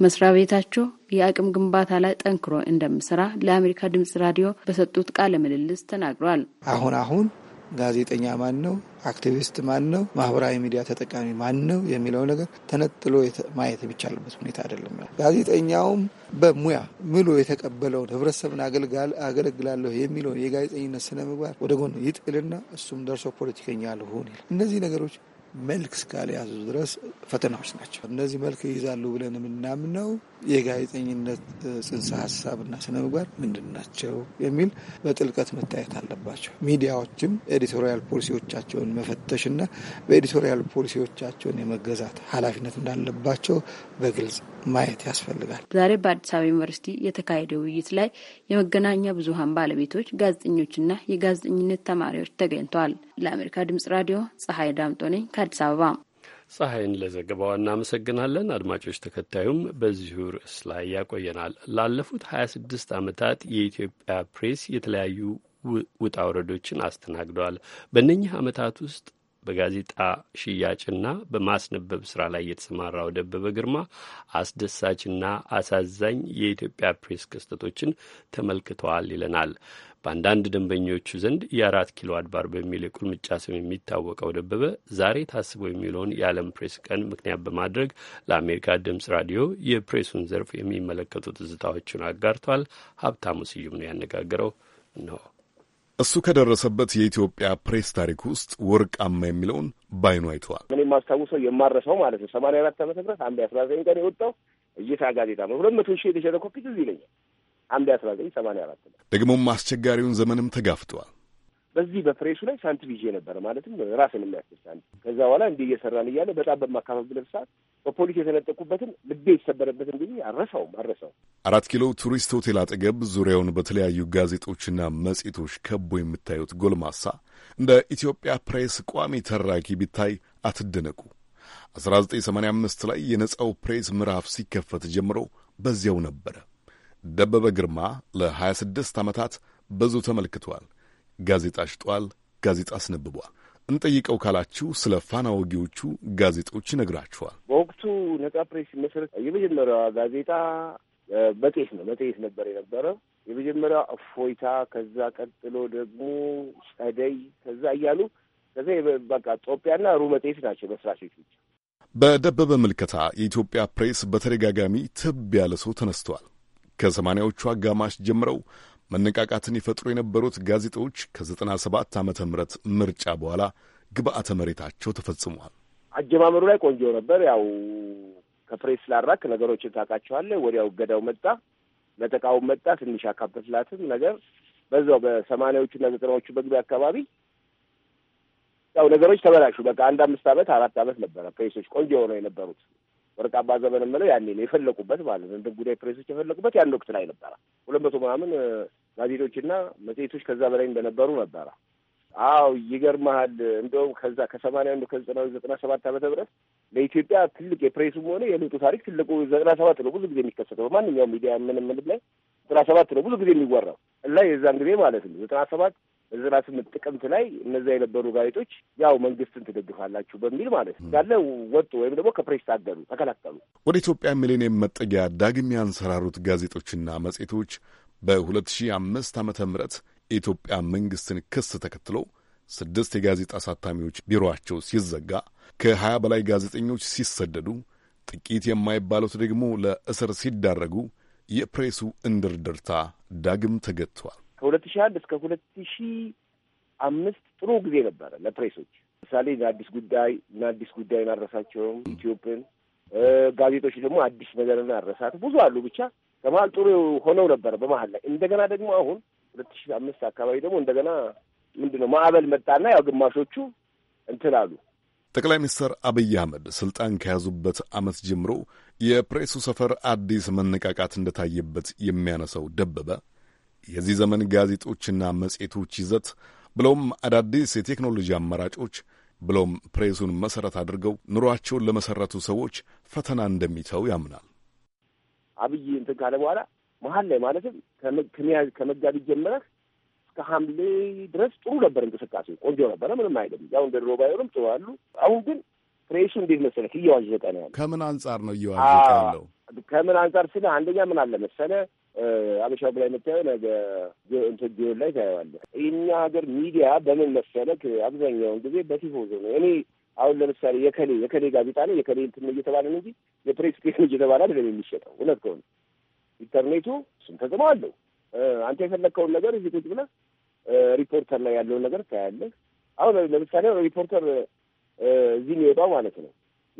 መስሪያ ቤታቸው የአቅም ግንባታ ላይ ጠንክሮ እንደምሰራ ለአሜሪካ ድምጽ ራዲዮ በሰጡት ቃለ ምልልስ ተናግሯል። አሁን አሁን ጋዜጠኛ ማን ነው፣ አክቲቪስት ማን ነው፣ ማህበራዊ ሚዲያ ተጠቃሚ ማን ነው የሚለው ነገር ተነጥሎ ማየት የሚቻልበት ሁኔታ አይደለም። ጋዜጠኛውም በሙያ ምሎ የተቀበለውን ህብረተሰብን አገለግላለሁ የሚለውን የጋዜጠኝነት ስነ ምግባር ወደ ጎን ይጥልና እሱም ደርሶ ፖለቲከኛ ልሆን ይል። እነዚህ ነገሮች መልክ እስካልያዙ ድረስ ፈተናዎች ናቸው። እነዚህ መልክ ይይዛሉ ብለን የምናምነው የጋዜጠኝነት ጽንሰ ሀሳብና ስነ ምግባር ምንድን ናቸው የሚል በጥልቀት መታየት አለባቸው። ሚዲያዎችም ኤዲቶሪያል ፖሊሲዎቻቸውን መፈተሽና በኤዲቶሪያል ፖሊሲዎቻቸውን የመገዛት ኃላፊነት እንዳለባቸው በግልጽ ማየት ያስፈልጋል። ዛሬ በአዲስ አበባ ዩኒቨርሲቲ የተካሄደ ውይይት ላይ የመገናኛ ብዙሀን ባለቤቶች ጋዜጠኞችና የጋዜጠኝነት ተማሪዎች ተገኝተዋል። ለአሜሪካ ድምጽ ራዲዮ ፀሐይ ዳምጦ ነኝ ከአዲስ አበባ ፀሐይን ለዘገባዋ እናመሰግናለን። አድማጮች፣ ተከታዩም በዚሁ ርዕስ ላይ ያቆየናል። ላለፉት 26 ዓመታት የኢትዮጵያ ፕሬስ የተለያዩ ውጣ ውረዶችን አስተናግደዋል። በእነኚህ ዓመታት ውስጥ በጋዜጣ ሽያጭና በማስነበብ ስራ ላይ የተሰማራው ደበበ ግርማ አስደሳችና አሳዛኝ የኢትዮጵያ ፕሬስ ክስተቶችን ተመልክተዋል ይለናል። በአንዳንድ ደንበኞቹ ዘንድ የአራት ኪሎ አድባር በሚል የቁልምጫ ስም የሚታወቀው ደበበ ዛሬ ታስቦ የሚለውን የዓለም ፕሬስ ቀን ምክንያት በማድረግ ለአሜሪካ ድምፅ ራዲዮ የፕሬሱን ዘርፍ የሚመለከቱ ትዝታዎቹን አጋርቷል። ሀብታሙ ስዩም ነው ያነጋገረው ነው። እሱ ከደረሰበት የኢትዮጵያ ፕሬስ ታሪክ ውስጥ ወርቃማ የሚለውን ባይኑ አይተዋል። እኔ የማስታውሰው የማረሰው ማለት ነው ሰማንያ አራት ዓመተ ምህረት አንድ አስራ ዘጠኝ ቀን የወጣው እይታ ጋዜጣ ነው። ሁለት መቶ ሺህ የተሸጠ ኮፒ ትዝ ይለኛል። አንድ አስራ ዘጠኝ ሰማንያ አራት ነው። ደግሞም አስቸጋሪውን ዘመንም ተጋፍጠዋል። በዚህ በፕሬሱ ላይ ሳንቲም ይዤ ነበረ ማለትም ራስን የሚያስችል ሳንቲም። ከዛ በኋላ እንዲህ እየሰራን እያለ በጣም በማካፋፍልበት ሰዓት በፖሊስ የተነጠቁበትን ልቤ የተሰበረበትን ጊዜ አረሳውም አረሳው። አራት ኪሎ ቱሪስት ሆቴል አጠገብ ዙሪያውን በተለያዩ ጋዜጦችና መጽሔቶች ከቦ የምታዩት ጎልማሳ እንደ ኢትዮጵያ ፕሬስ ቋሚ ተራኪ ቢታይ አትደነቁ። 1985 ላይ የነጻው ፕሬስ ምዕራፍ ሲከፈት ጀምሮ በዚያው ነበረ። ደበበ ግርማ ለ26 ዓመታት ብዙ ተመልክቷል። ጋዜጣ ሽጧል፣ ጋዜጣ አስነብቧል። እንጠይቀው ካላችሁ ስለ ፋና ወጊዎቹ ጋዜጦች ይነግራችኋል። በወቅቱ ነጻ ፕሬስ ሲመሰረት የመጀመሪያዋ ጋዜጣ በጤፍ ነው። በጤፍ ነበር የነበረ የመጀመሪያዋ እፎይታ፣ ከዛ ቀጥሎ ደግሞ ጸደይ፣ ከዛ እያሉ ከዛ በቃ ጦቢያና ሩመ ጤፍ ናቸው መስራቾች። በደበበ ምልከታ የኢትዮጵያ ፕሬስ በተደጋጋሚ ትብ ያለ ሰው ተነስተዋል። ከሰማንያዎቹ አጋማሽ ጀምረው መነቃቃትን ይፈጥሩ የነበሩት ጋዜጦች ከ97 ዓ ም ምርጫ በኋላ ግብአተ መሬታቸው ተፈጽሟል። አጀማመሩ ላይ ቆንጆ ነበር። ያው ከፕሬስ ላራክ ነገሮችን ታውቃቸዋለህ። ወዲያው እገዳው መጣ፣ ለተቃውም መጣ። ትንሽ አካበትላትም ነገር በዛው በሰማንያዎቹና ዘጠናዎቹ በግቢ አካባቢ ያው ነገሮች ተበላሹ። በቃ አንድ አምስት ዓመት አራት ዓመት ነበረ ፕሬሶች ቆንጆ ሆነው የነበሩት ወርቅ አባ ዘመን የምለው ያኔ ነው የፈለቁበት ማለት ነው። እንደ ጉዳይ ፕሬሶች የፈለቁበት ያን ወቅት ላይ ነበረ። ሁለት መቶ ምናምን ጋዜጦችና መጽሔቶች ከዛ በላይ እንደነበሩ ነበረ። አው ይገርመሃል። እንደውም ከዛ ከሰማንያ አንዱ ከዘጠና ዘጠና ሰባት ዓመተ ምህረት ለኢትዮጵያ ትልቅ የፕሬሱም ሆነ የለውጡ ታሪክ ትልቁ ዘጠና ሰባት ነው። ብዙ ጊዜ የሚከሰተው በማንኛውም ሚዲያ ምንም ምንም ላይ ዘጠና ሰባት ነው ብዙ ጊዜ የሚወራው እና የዛን ጊዜ ማለት ነው ዘጠና ሰባት ዘጠና ስምንት ጥቅምት ላይ እነዛ የነበሩ ጋዜጦች ያው መንግስትን ትደግፋላችሁ በሚል ማለት ያለ ወጡ ወይም ደግሞ ከፕሬስ ታገሉ ተከላከሉ። ወደ ኢትዮጵያ ሚሊኒየም መጠጊያ ዳግም ያንሰራሩት ጋዜጦችና መጽሔቶች በ2005 ዓ ም የኢትዮጵያ መንግስትን ክስ ተከትሎ ስድስት የጋዜጣ አሳታሚዎች ቢሮአቸው ሲዘጋ ከ20 በላይ ጋዜጠኞች ሲሰደዱ ጥቂት የማይባሉት ደግሞ ለእስር ሲዳረጉ የፕሬሱ እንድርድርታ ዳግም ተገጥቷል። ከሁለት ሺህ አንድ እስከ ሁለት ሺህ አምስት ጥሩ ጊዜ ነበረ ለፕሬሶች። ለምሳሌ አዲስ ጉዳይ እና አዲስ ጉዳይ አረሳቸውም ኢትዮጵን ጋዜጦች ደግሞ አዲስ ነገርና አረሳት ብዙ አሉ። ብቻ ከመሀል ጥሩ ሆነው ነበረ። በመሀል ላይ እንደገና ደግሞ አሁን ሁለት ሺህ አምስት አካባቢ ደግሞ እንደገና ምንድን ነው ማዕበል መጣና ያው ግማሾቹ እንትን አሉ። ጠቅላይ ሚኒስትር አብይ አህመድ ስልጣን ከያዙበት ዓመት ጀምሮ የፕሬሱ ሰፈር አዲስ መነቃቃት እንደታየበት የሚያነሳው ደበበ የዚህ ዘመን ጋዜጦችና መጽሔቶች ይዘት ብለውም አዳዲስ የቴክኖሎጂ አማራጮች ብለውም ፕሬሱን መሰረት አድርገው ኑሯቸውን ለመሰረቱ ሰዎች ፈተና እንደሚተው ያምናል። አብይ እንትን ካለ በኋላ መሀል ላይ ማለትም ከመጋቢት ጀምረህ እስከ ሐምሌ ድረስ ጥሩ ነበር፣ እንቅስቃሴ ቆንጆ ነበረ። ምንም አይደለም። ያው እንደ ድሮ ባይሆንም ጥሩ አሉ። አሁን ግን ፕሬሱ እንዴት መሰለህ እየዋዠቀ ነው ያለው። ከምን አንጻር ነው እየዋዠቀ ያለው? ከምን አንጻር ስለ አንደኛ ምን አለ መሰለህ አበሻው ላይ የምታየው ነገ እንትጆን ላይ ታየዋለህ። የኛ ሀገር ሚዲያ በምን መሰለክ አብዛኛውን ጊዜ በቲፎዞ ነው። እኔ አሁን ለምሳሌ የከሌ የከሌ ጋዜጣ ላይ የከሌ እንትን እየተባለ ነው እንጂ የፕሬስ ክሌን እየተባለ አይደለም የሚሸጠው። እውነት ከሆነ ኢንተርኔቱ እሱም ተጽዕኖ አለው። አንተ የፈለግከውን ነገር እዚህ ቁጭ ብለህ ሪፖርተር ላይ ያለውን ነገር ታያለህ። አሁን ለምሳሌ ሪፖርተር እዚህ የሚወጣው ማለት ነው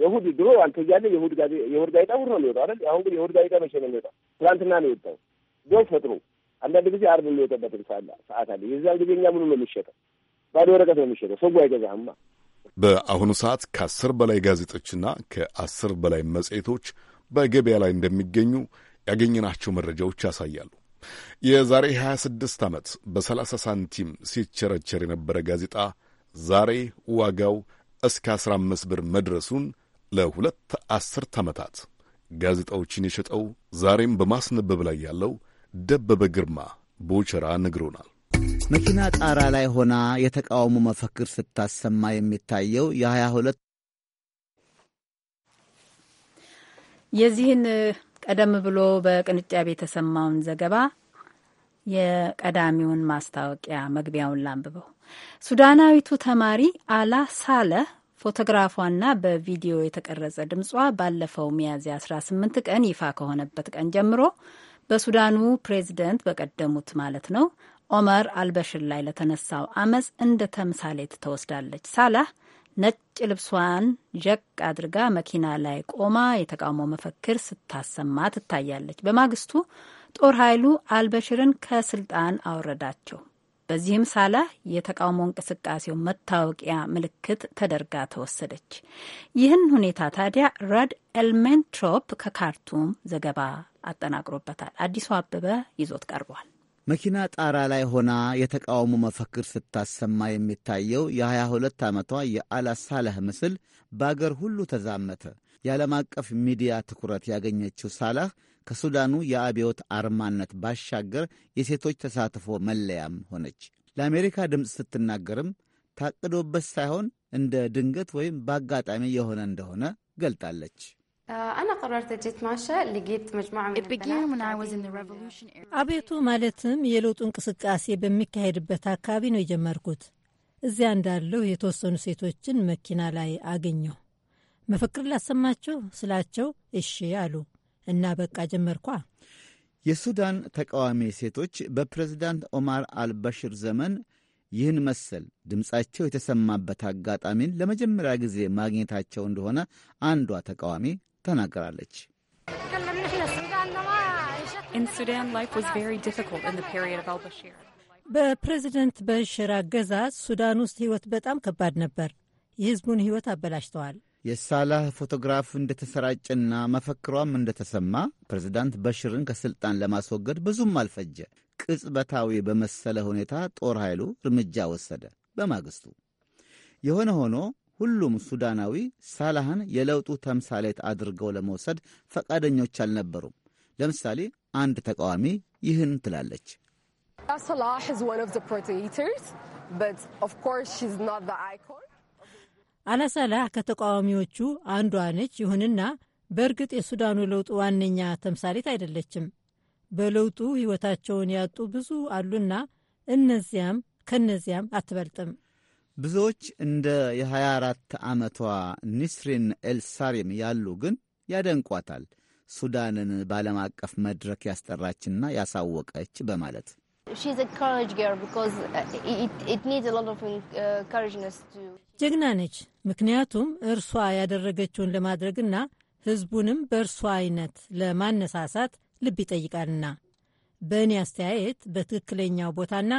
የሁድ ድሮ አንተ እያለ የሁድ ጋዜጣ እሑድ ነው የሚወጣው አይደል? አሁን ግን የእሑድ ጋዜጣ መቼ ነው የሚወጣው? ትናንትና ነው የወጣው። ዶፍ ፈጥሮ አንዳንድ ጊዜ አርብ የሚወጣበት ሰዓት አለ። የዛን ጊዜ እኛ ምኑ ነው የሚሸጠው? ባዶ ወረቀት ነው የሚሸጠው። ሰው አይገዛህማ። በአሁኑ ሰዓት ከአስር በላይ ጋዜጦችና ከአስር በላይ መጽሔቶች በገበያ ላይ እንደሚገኙ ያገኘናቸው መረጃዎች ያሳያሉ። የዛሬ 26 ዓመት በ30 ሳንቲም ሲቸረቸር የነበረ ጋዜጣ ዛሬ ዋጋው እስከ 15 ብር መድረሱን ለሁለት አስርት ዓመታት ጋዜጣዎችን የሸጠው ዛሬም በማስነበብ ላይ ያለው ደበበ ግርማ ቦቸራ ነግሮናል። መኪና ጣራ ላይ ሆና የተቃውሞ መፈክር ስታሰማ የሚታየው የሀያ ሁለት የዚህን ቀደም ብሎ በቅንጫቤ የተሰማውን ዘገባ የቀዳሚውን ማስታወቂያ መግቢያውን ላንብበው። ሱዳናዊቱ ተማሪ አላ ሳለህ ፎቶግራፏና በቪዲዮ የተቀረጸ ድምጿ ባለፈው ሚያዝያ 18 ቀን ይፋ ከሆነበት ቀን ጀምሮ በሱዳኑ ፕሬዚደንት በቀደሙት ማለት ነው ኦመር አልበሽር ላይ ለተነሳው አመፅ እንደ ተምሳሌት ተወስዳለች። ሳላህ ነጭ ልብሷን ዠቅ አድርጋ መኪና ላይ ቆማ የተቃውሞ መፈክር ስታሰማ ትታያለች። በማግስቱ ጦር ኃይሉ አልበሽርን ከስልጣን አወረዳቸው። በዚህም ሳላህ የተቃውሞ እንቅስቃሴው መታወቂያ ምልክት ተደርጋ ተወሰደች። ይህን ሁኔታ ታዲያ ረድ ኤልሜንትሮፕ ከካርቱም ዘገባ አጠናቅሮበታል። አዲሱ አበበ ይዞት ቀርቧል። መኪና ጣራ ላይ ሆና የተቃውሞ መፈክር ስታሰማ የሚታየው የ22 ዓመቷ የአላሳላህ ምስል በአገር ሁሉ ተዛመተ። የዓለም አቀፍ ሚዲያ ትኩረት ያገኘችው ሳላህ ከሱዳኑ የአብዮት አርማነት ባሻገር የሴቶች ተሳትፎ መለያም ሆነች። ለአሜሪካ ድምፅ ስትናገርም ታቅዶበት ሳይሆን እንደ ድንገት ወይም በአጋጣሚ የሆነ እንደሆነ ገልጣለች። አብዮቱ ማለትም የለውጡ እንቅስቃሴ በሚካሄድበት አካባቢ ነው የጀመርኩት። እዚያ እንዳለሁ የተወሰኑ ሴቶችን መኪና ላይ አገኘሁ። መፈክር ላሰማቸው ስላቸው እሺ አሉ። እና በቃ ጀመርኳ። የሱዳን ተቃዋሚ ሴቶች በፕሬዝዳንት ኦማር አልበሽር ዘመን ይህን መሰል ድምፃቸው የተሰማበት አጋጣሚን ለመጀመሪያ ጊዜ ማግኘታቸው እንደሆነ አንዷ ተቃዋሚ ተናግራለች። በፕሬዝደንት በሽር አገዛዝ ሱዳን ውስጥ ሕይወት በጣም ከባድ ነበር። የሕዝቡን ሕይወት አበላሽተዋል። የሳላህ ፎቶግራፍ እንደተሰራጨና መፈክሯም እንደተሰማ ፕሬዚዳንት በሽርን ከሥልጣን ለማስወገድ ብዙም አልፈጀ። ቅጽበታዊ በመሰለ ሁኔታ ጦር ኃይሉ እርምጃ ወሰደ በማግስቱ። የሆነ ሆኖ ሁሉም ሱዳናዊ ሳላህን የለውጡ ተምሳሌት አድርገው ለመውሰድ ፈቃደኞች አልነበሩም። ለምሳሌ አንድ ተቃዋሚ ይህን ትላለች። ሳላህ አላሳላህ ከተቃዋሚዎቹ አንዷ ነች። ይሁንና በእርግጥ የሱዳኑ ለውጥ ዋነኛ ተምሳሌት አይደለችም። በለውጡ ሕይወታቸውን ያጡ ብዙ አሉና እነዚያም ከነዚያም አትበልጥም። ብዙዎች እንደ የ24 ዓመቷ ኒስሪን ኤልሳሪም ያሉ ግን ያደንቋታል። ሱዳንን በዓለም አቀፍ መድረክ ያስጠራችና ያሳወቀች በማለት Uh, uh, ጀግና ነች፣ ምክንያቱም እርሷ ያደረገችውን ለማድረግና ህዝቡንም በእርሷ አይነት ለማነሳሳት ልብ ይጠይቃልና። በእኔ አስተያየት በትክክለኛው ቦታና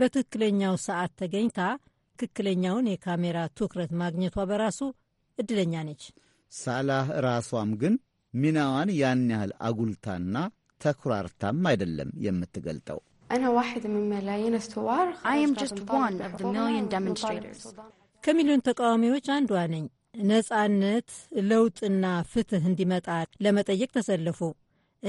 በትክክለኛው ሰዓት ተገኝታ ትክክለኛውን የካሜራ ትኩረት ማግኘቷ በራሱ እድለኛ ነች። ሳላህ ራሷም ግን ሚናዋን ያን ያህል አጉልታና ተኩራርታም አይደለም የምትገልጠው። ከሚሊዮን ተቃዋሚዎች አንዷ ነኝ። ነጻነት፣ ለውጥና ፍትህ እንዲመጣ ለመጠየቅ ተሰለፉ።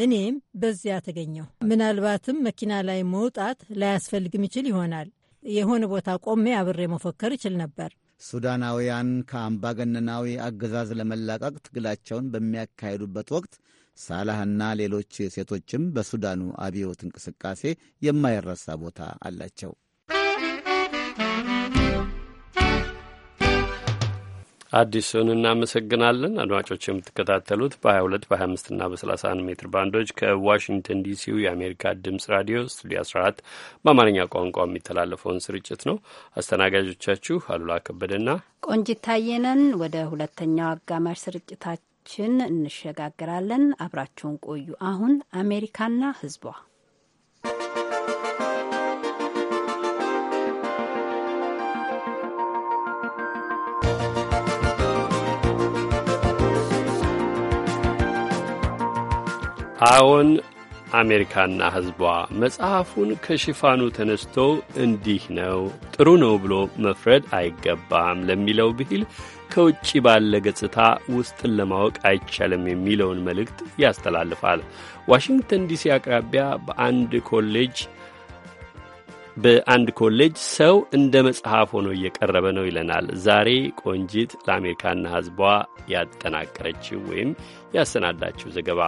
እኔም በዚያ ተገኘሁ። ምናልባትም መኪና ላይ መውጣት ላያስፈልግም ይችል ይሆናል። የሆነ ቦታ ቆሜ አብሬ መፎከር ይችል ነበር። ሱዳናውያን ከአምባገነናዊ አገዛዝ ለመላቀቅ ትግላቸውን በሚያካሂዱበት ወቅት ሳላህና ሌሎች ሴቶችም በሱዳኑ አብዮት እንቅስቃሴ የማይረሳ ቦታ አላቸው። አዲሱን እናመሰግናለን። አድማጮች የምትከታተሉት በ22 በ25 እና በ31 ሜትር ባንዶች ከዋሽንግተን ዲሲው የአሜሪካ ድምጽ ራዲዮ ስቱዲዮ 14 በአማርኛ ቋንቋ የሚተላለፈውን ስርጭት ነው። አስተናጋጆቻችሁ አሉላ ከበደና ቆንጂት ታየነን። ወደ ሁለተኛው አጋማሽ ስርጭታችን ዝግጅታችን እንሸጋግራለን። አብራችሁን ቆዩ። አሁን አሜሪካና ህዝቧ አዎን አሜሪካና ህዝቧ መጽሐፉን ከሽፋኑ ተነስቶ እንዲህ ነው ጥሩ ነው ብሎ መፍረድ አይገባም ለሚለው ብሂል ከውጭ ባለ ገጽታ ውስጥን ለማወቅ አይቻልም የሚለውን መልእክት ያስተላልፋል። ዋሽንግተን ዲሲ አቅራቢያ በአንድ ኮሌጅ በአንድ ኮሌጅ ሰው እንደ መጽሐፍ ሆኖ እየቀረበ ነው ይለናል። ዛሬ ቆንጂት ለአሜሪካና ሕዝቧ ያጠናቀረችው ወይም ያሰናዳችው ዘገባ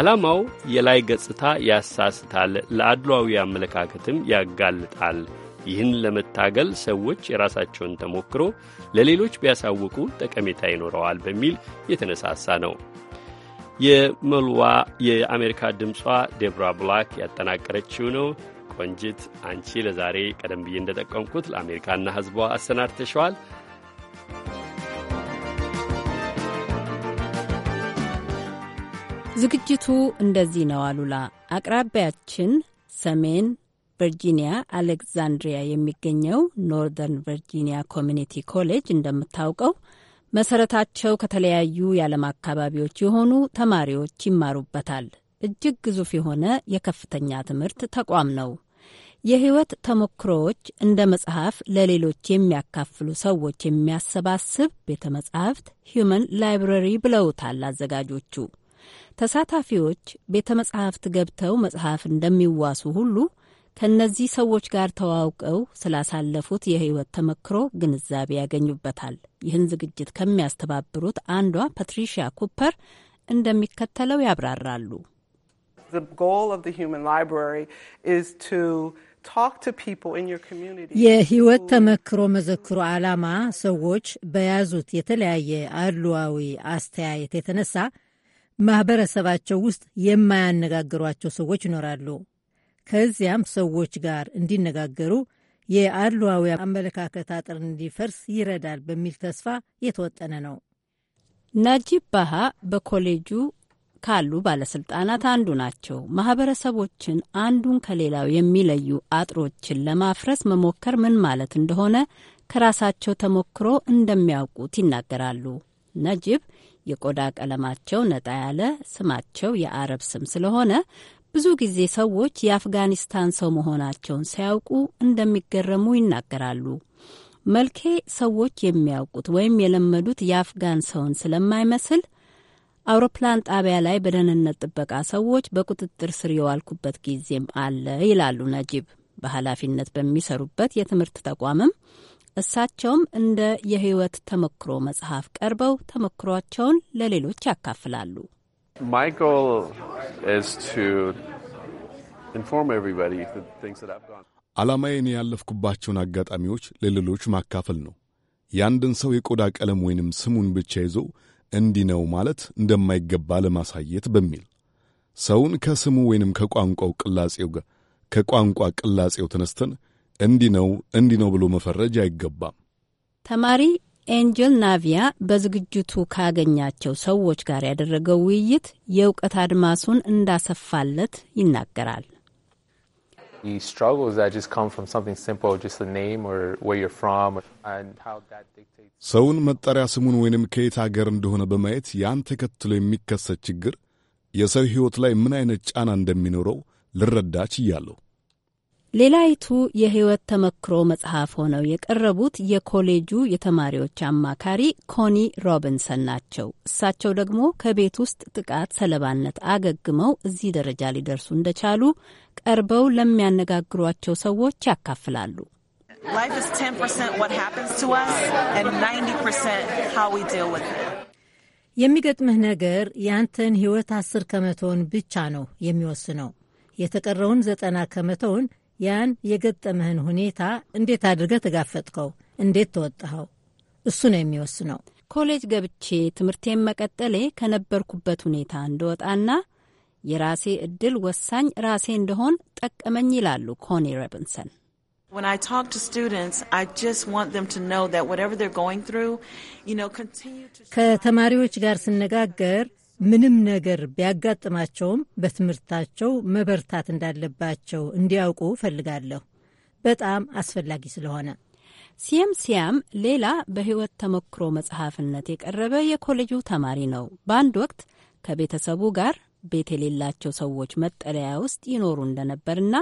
ዓላማው የላይ ገጽታ ያሳስታል፣ ለአድሏዊ አመለካከትም ያጋልጣል ይህን ለመታገል ሰዎች የራሳቸውን ተሞክሮ ለሌሎች ቢያሳውቁ ጠቀሜታ ይኖረዋል በሚል የተነሳሳ ነው። የመልዋ የአሜሪካ ድምጿ ዴብራ ብላክ ያጠናቀረችው ነው። ቆንጅት፣ አንቺ ለዛሬ ቀደም ብዬ እንደጠቀምኩት ለአሜሪካና ሕዝቧ አሰናድተሸዋል። ዝግጅቱ እንደዚህ ነው። አሉላ አቅራቢያችን ሰሜን ቨርጂኒያ አሌክዛንድሪያ የሚገኘው ኖርዘርን ቨርጂኒያ ኮሚኒቲ ኮሌጅ እንደምታውቀው መሰረታቸው ከተለያዩ የዓለም አካባቢዎች የሆኑ ተማሪዎች ይማሩበታል። እጅግ ግዙፍ የሆነ የከፍተኛ ትምህርት ተቋም ነው። የህይወት ተሞክሮዎች እንደ መጽሐፍ ለሌሎች የሚያካፍሉ ሰዎች የሚያሰባስብ ቤተ መጻሕፍት ሂዩመን ላይብረሪ ብለውታል አዘጋጆቹ። ተሳታፊዎች ቤተ መጻሕፍት ገብተው መጽሐፍ እንደሚዋሱ ሁሉ ከእነዚህ ሰዎች ጋር ተዋውቀው ስላሳለፉት የህይወት ተመክሮ ግንዛቤ ያገኙበታል። ይህን ዝግጅት ከሚያስተባብሩት አንዷ ፓትሪሺያ ኩፐር እንደሚከተለው ያብራራሉ። የህይወት ተመክሮ መዘክሩ ዓላማ ሰዎች በያዙት የተለያየ አድሏዊ አስተያየት የተነሳ ማኅበረሰባቸው ውስጥ የማያነጋግሯቸው ሰዎች ይኖራሉ። ከዚያም ሰዎች ጋር እንዲነጋገሩ የአድሏዊ አመለካከት አጥር እንዲፈርስ ይረዳል በሚል ተስፋ የተወጠነ ነው። ናጂብ ባሃ በኮሌጁ ካሉ ባለስልጣናት አንዱ ናቸው። ማህበረሰቦችን አንዱን ከሌላው የሚለዩ አጥሮችን ለማፍረስ መሞከር ምን ማለት እንደሆነ ከራሳቸው ተሞክሮ እንደሚያውቁት ይናገራሉ። ነጅብ የቆዳ ቀለማቸው ነጣ ያለ፣ ስማቸው የአረብ ስም ስለሆነ ብዙ ጊዜ ሰዎች የአፍጋኒስታን ሰው መሆናቸውን ሲያውቁ እንደሚገረሙ ይናገራሉ። መልኬ ሰዎች የሚያውቁት ወይም የለመዱት የአፍጋን ሰውን ስለማይመስል አውሮፕላን ጣቢያ ላይ በደህንነት ጥበቃ ሰዎች በቁጥጥር ስር የዋልኩበት ጊዜም አለ ይላሉ ነጂብ። በኃላፊነት በሚሰሩበት የትምህርት ተቋምም እሳቸውም እንደ የህይወት ተሞክሮ መጽሐፍ ቀርበው ተሞክሯቸውን ለሌሎች ያካፍላሉ። ዓላማዬን ያለፍኩባቸውን አጋጣሚዎች ለሌሎች ማካፈል ነው። የአንድን ሰው የቆዳ ቀለም ወይንም ስሙን ብቻ ይዞ እንዲህ ነው ማለት እንደማይገባ ለማሳየት በሚል ሰውን ከስሙ ወይንም ከቋንቋው ቅላጼው ጋር ከቋንቋ ቅላጼው ተነስተን እንዲህ ነው እንዲህ ነው ብሎ መፈረጅ አይገባም። ተማሪ ኤንጀል ናቪያ በዝግጅቱ ካገኛቸው ሰዎች ጋር ያደረገው ውይይት የእውቀት አድማሱን እንዳሰፋለት ይናገራል። ሰውን መጠሪያ ስሙን ወይንም ከየት አገር እንደሆነ በማየት ያን ተከትሎ የሚከሰት ችግር የሰው ሕይወት ላይ ምን አይነት ጫና እንደሚኖረው ልረዳ ችያለሁ። ሌላይቱ የህይወት ተመክሮ መጽሐፍ ሆነው የቀረቡት የኮሌጁ የተማሪዎች አማካሪ ኮኒ ሮቢንሰን ናቸው። እሳቸው ደግሞ ከቤት ውስጥ ጥቃት ሰለባነት አገግመው እዚህ ደረጃ ሊደርሱ እንደቻሉ ቀርበው ለሚያነጋግሯቸው ሰዎች ያካፍላሉ። የሚገጥምህ ነገር ያንተን ህይወት አስር ከመቶውን ብቻ ነው የሚወስነው የተቀረውን ዘጠና ከመቶውን ያን የገጠመህን ሁኔታ እንዴት አድርገህ ተጋፈጥከው? እንዴት ተወጣኸው? እሱ ነው የሚወስነው። ኮሌጅ ገብቼ ትምህርቴን መቀጠሌ ከነበርኩበት ሁኔታ እንደወጣና የራሴ እድል ወሳኝ ራሴ እንደሆን ጠቀመኝ ይላሉ ኮኒ ሮቢንሰን። ከተማሪዎች ጋር ስነጋገር ምንም ነገር ቢያጋጥማቸውም በትምህርታቸው መበርታት እንዳለባቸው እንዲያውቁ ፈልጋለሁ፣ በጣም አስፈላጊ ስለሆነ። ሲያም ሲያም ሌላ በሕይወት ተሞክሮ መጽሐፍነት የቀረበ የኮሌጁ ተማሪ ነው። በአንድ ወቅት ከቤተሰቡ ጋር ቤት የሌላቸው ሰዎች መጠለያ ውስጥ ይኖሩ እንደነበርና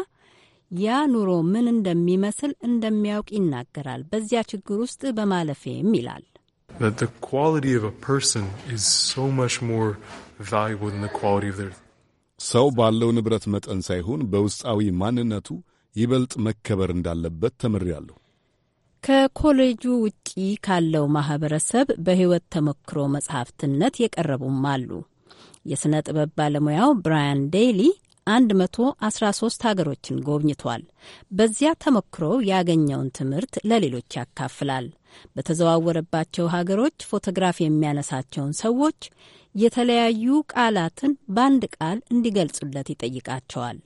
ያ ኑሮ ምን እንደሚመስል እንደሚያውቅ ይናገራል። በዚያ ችግር ውስጥ በማለፌም ይላል that the quality of a person is so much more valuable than the quality of their ሰው ባለው ንብረት መጠን ሳይሆን በውስጣዊ ማንነቱ ይበልጥ መከበር እንዳለበት ተምሬያለሁ። ከኮሌጁ ውጪ ካለው ማህበረሰብ በሕይወት ተሞክሮ መጽሐፍትነት የቀረቡም አሉ። የሥነ ጥበብ ባለሙያው ብራያን ዴይሊ 113 ሀገሮችን ጎብኝቷል። በዚያ ተሞክሮ ያገኘውን ትምህርት ለሌሎች ያካፍላል። በተዘዋወረባቸው ሀገሮች ፎቶግራፍ የሚያነሳቸውን ሰዎች የተለያዩ ቃላትን በአንድ ቃል እንዲገልጹለት ይጠይቃቸዋል።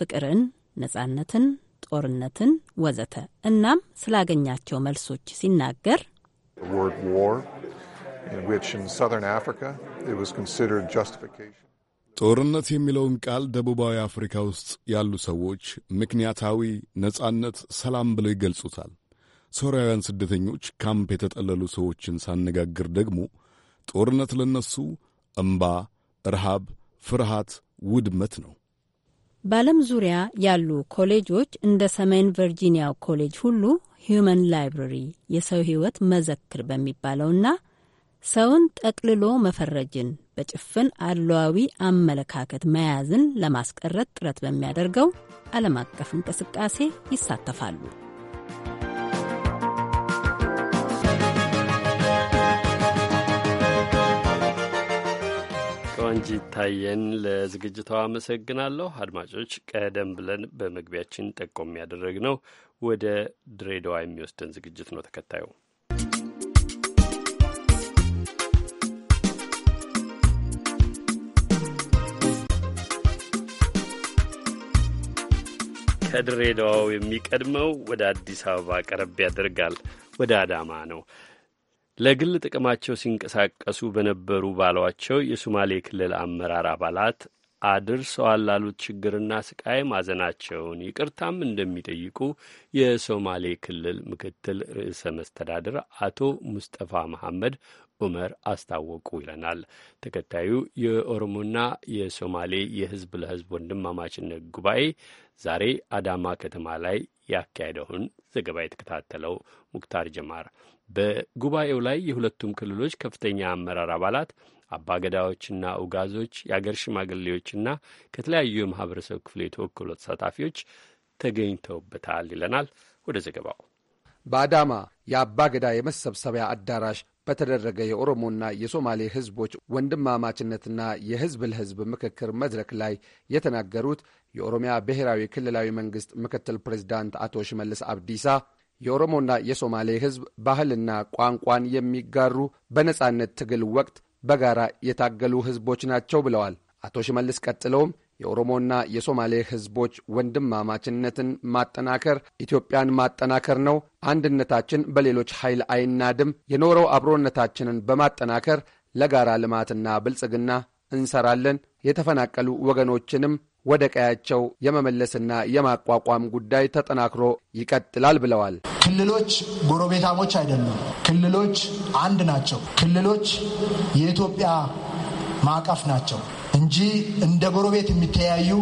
ፍቅርን፣ ነጻነትን፣ ጦርነትን ወዘተ። እናም ስላገኛቸው መልሶች ሲናገር ጦርነት የሚለውን ቃል ደቡባዊ አፍሪካ ውስጥ ያሉ ሰዎች ምክንያታዊ፣ ነጻነት፣ ሰላም ብለው ይገልጹታል። ሶርያውያን ስደተኞች ካምፕ የተጠለሉ ሰዎችን ሳነጋግር ደግሞ ጦርነት ለነሱ እምባ፣ ረሃብ፣ ፍርሃት፣ ውድመት ነው። በዓለም ዙሪያ ያሉ ኮሌጆች እንደ ሰሜን ቨርጂኒያው ኮሌጅ ሁሉ ሂዩመን ላይብረሪ የሰው ሕይወት መዘክር በሚባለውና ሰውን ጠቅልሎ መፈረጅን በጭፍን አድሏዊ አመለካከት መያዝን ለማስቀረት ጥረት በሚያደርገው ዓለም አቀፍ እንቅስቃሴ ይሳተፋሉ። ቆንጂ ታየን ለዝግጅቷ አመሰግናለሁ። አድማጮች፣ ቀደም ብለን በመግቢያችን ጠቆም ነው ወደ ድሬዳዋ የሚወስደን ዝግጅት ነው። ተከታዩ ከድሬዳዋው የሚቀድመው ወደ አዲስ አበባ ቀረብ ያደርጋል። ወደ አዳማ ነው። ለግል ጥቅማቸው ሲንቀሳቀሱ በነበሩ ባሏቸው የሶማሌ ክልል አመራር አባላት አድርሰዋል ላሉት ችግርና ስቃይ ማዘናቸውን ይቅርታም እንደሚጠይቁ የሶማሌ ክልል ምክትል ርዕሰ መስተዳድር አቶ ሙስጠፋ መሐመድ ዑመር አስታወቁ ይለናል ተከታዩ የኦሮሞና የሶማሌ የህዝብ ለህዝብ ወንድማማችነት ጉባኤ ዛሬ አዳማ ከተማ ላይ ያካሄደውን ዘገባ የተከታተለው ሙክታር ጀማር በጉባኤው ላይ የሁለቱም ክልሎች ከፍተኛ አመራር አባላት አባገዳዎችና ኡጋዞች፣ የአገር ሽማግሌዎችና ከተለያዩ የማህበረሰብ ክፍል የተወከሉ ተሳታፊዎች ተገኝተውበታል ይለናል። ወደ ዘገባው በአዳማ የአባገዳ የመሰብሰቢያ አዳራሽ በተደረገ የኦሮሞና የሶማሌ ህዝቦች ወንድማማችነትና የህዝብ ለህዝብ ምክክር መድረክ ላይ የተናገሩት የኦሮሚያ ብሔራዊ ክልላዊ መንግስት ምክትል ፕሬዚዳንት አቶ ሽመልስ አብዲሳ የኦሮሞና የሶማሌ ሕዝብ ባህልና ቋንቋን የሚጋሩ በነጻነት ትግል ወቅት በጋራ የታገሉ ሕዝቦች ናቸው ብለዋል አቶ ሽመልስ። ቀጥለውም የኦሮሞና የሶማሌ ሕዝቦች ወንድማማችነትን ማጠናከር ኢትዮጵያን ማጠናከር ነው። አንድነታችን በሌሎች ኃይል አይናድም። የኖረው አብሮነታችንን በማጠናከር ለጋራ ልማትና ብልጽግና እንሰራለን የተፈናቀሉ ወገኖችንም ወደ ቀያቸው የመመለስና የማቋቋም ጉዳይ ተጠናክሮ ይቀጥላል ብለዋል። ክልሎች ጎረቤታሞች አይደሉም። ክልሎች አንድ ናቸው። ክልሎች የኢትዮጵያ ማዕቀፍ ናቸው እንጂ እንደ ጎረቤት የሚተያዩ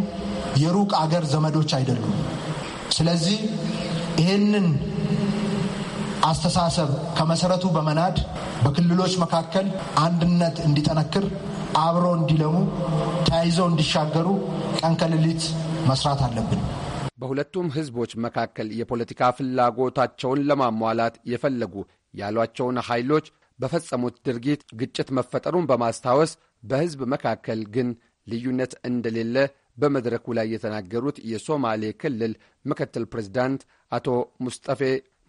የሩቅ አገር ዘመዶች አይደሉም። ስለዚህ ይህንን አስተሳሰብ ከመሰረቱ በመናድ በክልሎች መካከል አንድነት እንዲጠነክር አብረው እንዲለሙ ተያይዘው እንዲሻገሩ ቀን ከሌሊት መስራት አለብን። በሁለቱም ህዝቦች መካከል የፖለቲካ ፍላጎታቸውን ለማሟላት የፈለጉ ያሏቸውን ኃይሎች በፈጸሙት ድርጊት ግጭት መፈጠሩን በማስታወስ በህዝብ መካከል ግን ልዩነት እንደሌለ በመድረኩ ላይ የተናገሩት የሶማሌ ክልል ምክትል ፕሬዚዳንት አቶ ሙስጠፌ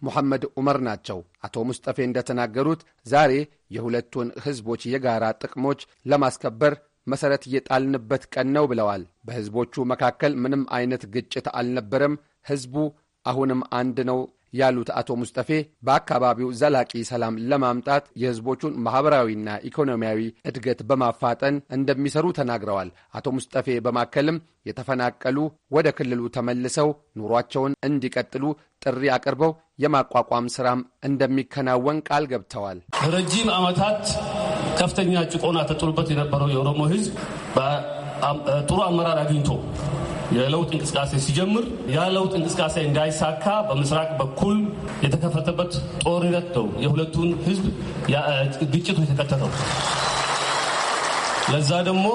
ሙሐመድ ዑመር ናቸው። አቶ ሙስጠፌ እንደተናገሩት ዛሬ የሁለቱን ሕዝቦች የጋራ ጥቅሞች ለማስከበር መሠረት እየጣልንበት ቀን ነው ብለዋል። በሕዝቦቹ መካከል ምንም አይነት ግጭት አልነበረም። ሕዝቡ አሁንም አንድ ነው ያሉት አቶ ሙስጠፌ በአካባቢው ዘላቂ ሰላም ለማምጣት የሕዝቦቹን ማኅበራዊና ኢኮኖሚያዊ እድገት በማፋጠን እንደሚሰሩ ተናግረዋል። አቶ ሙስጠፌ በማከልም የተፈናቀሉ ወደ ክልሉ ተመልሰው ኑሯቸውን እንዲቀጥሉ ጥሪ አቅርበው የማቋቋም ስራም እንደሚከናወን ቃል ገብተዋል። ረጅም ዓመታት ከፍተኛ ጭቆና ተጥሎበት የነበረው የኦሮሞ ህዝብ ጥሩ አመራር አግኝቶ የለውጥ እንቅስቃሴ ሲጀምር ያ ለውጥ እንቅስቃሴ እንዳይሳካ በምስራቅ በኩል የተከፈተበት ጦርነት ነው የሁለቱን ህዝብ ግጭቱ የተከተተው። ለዛ ደግሞ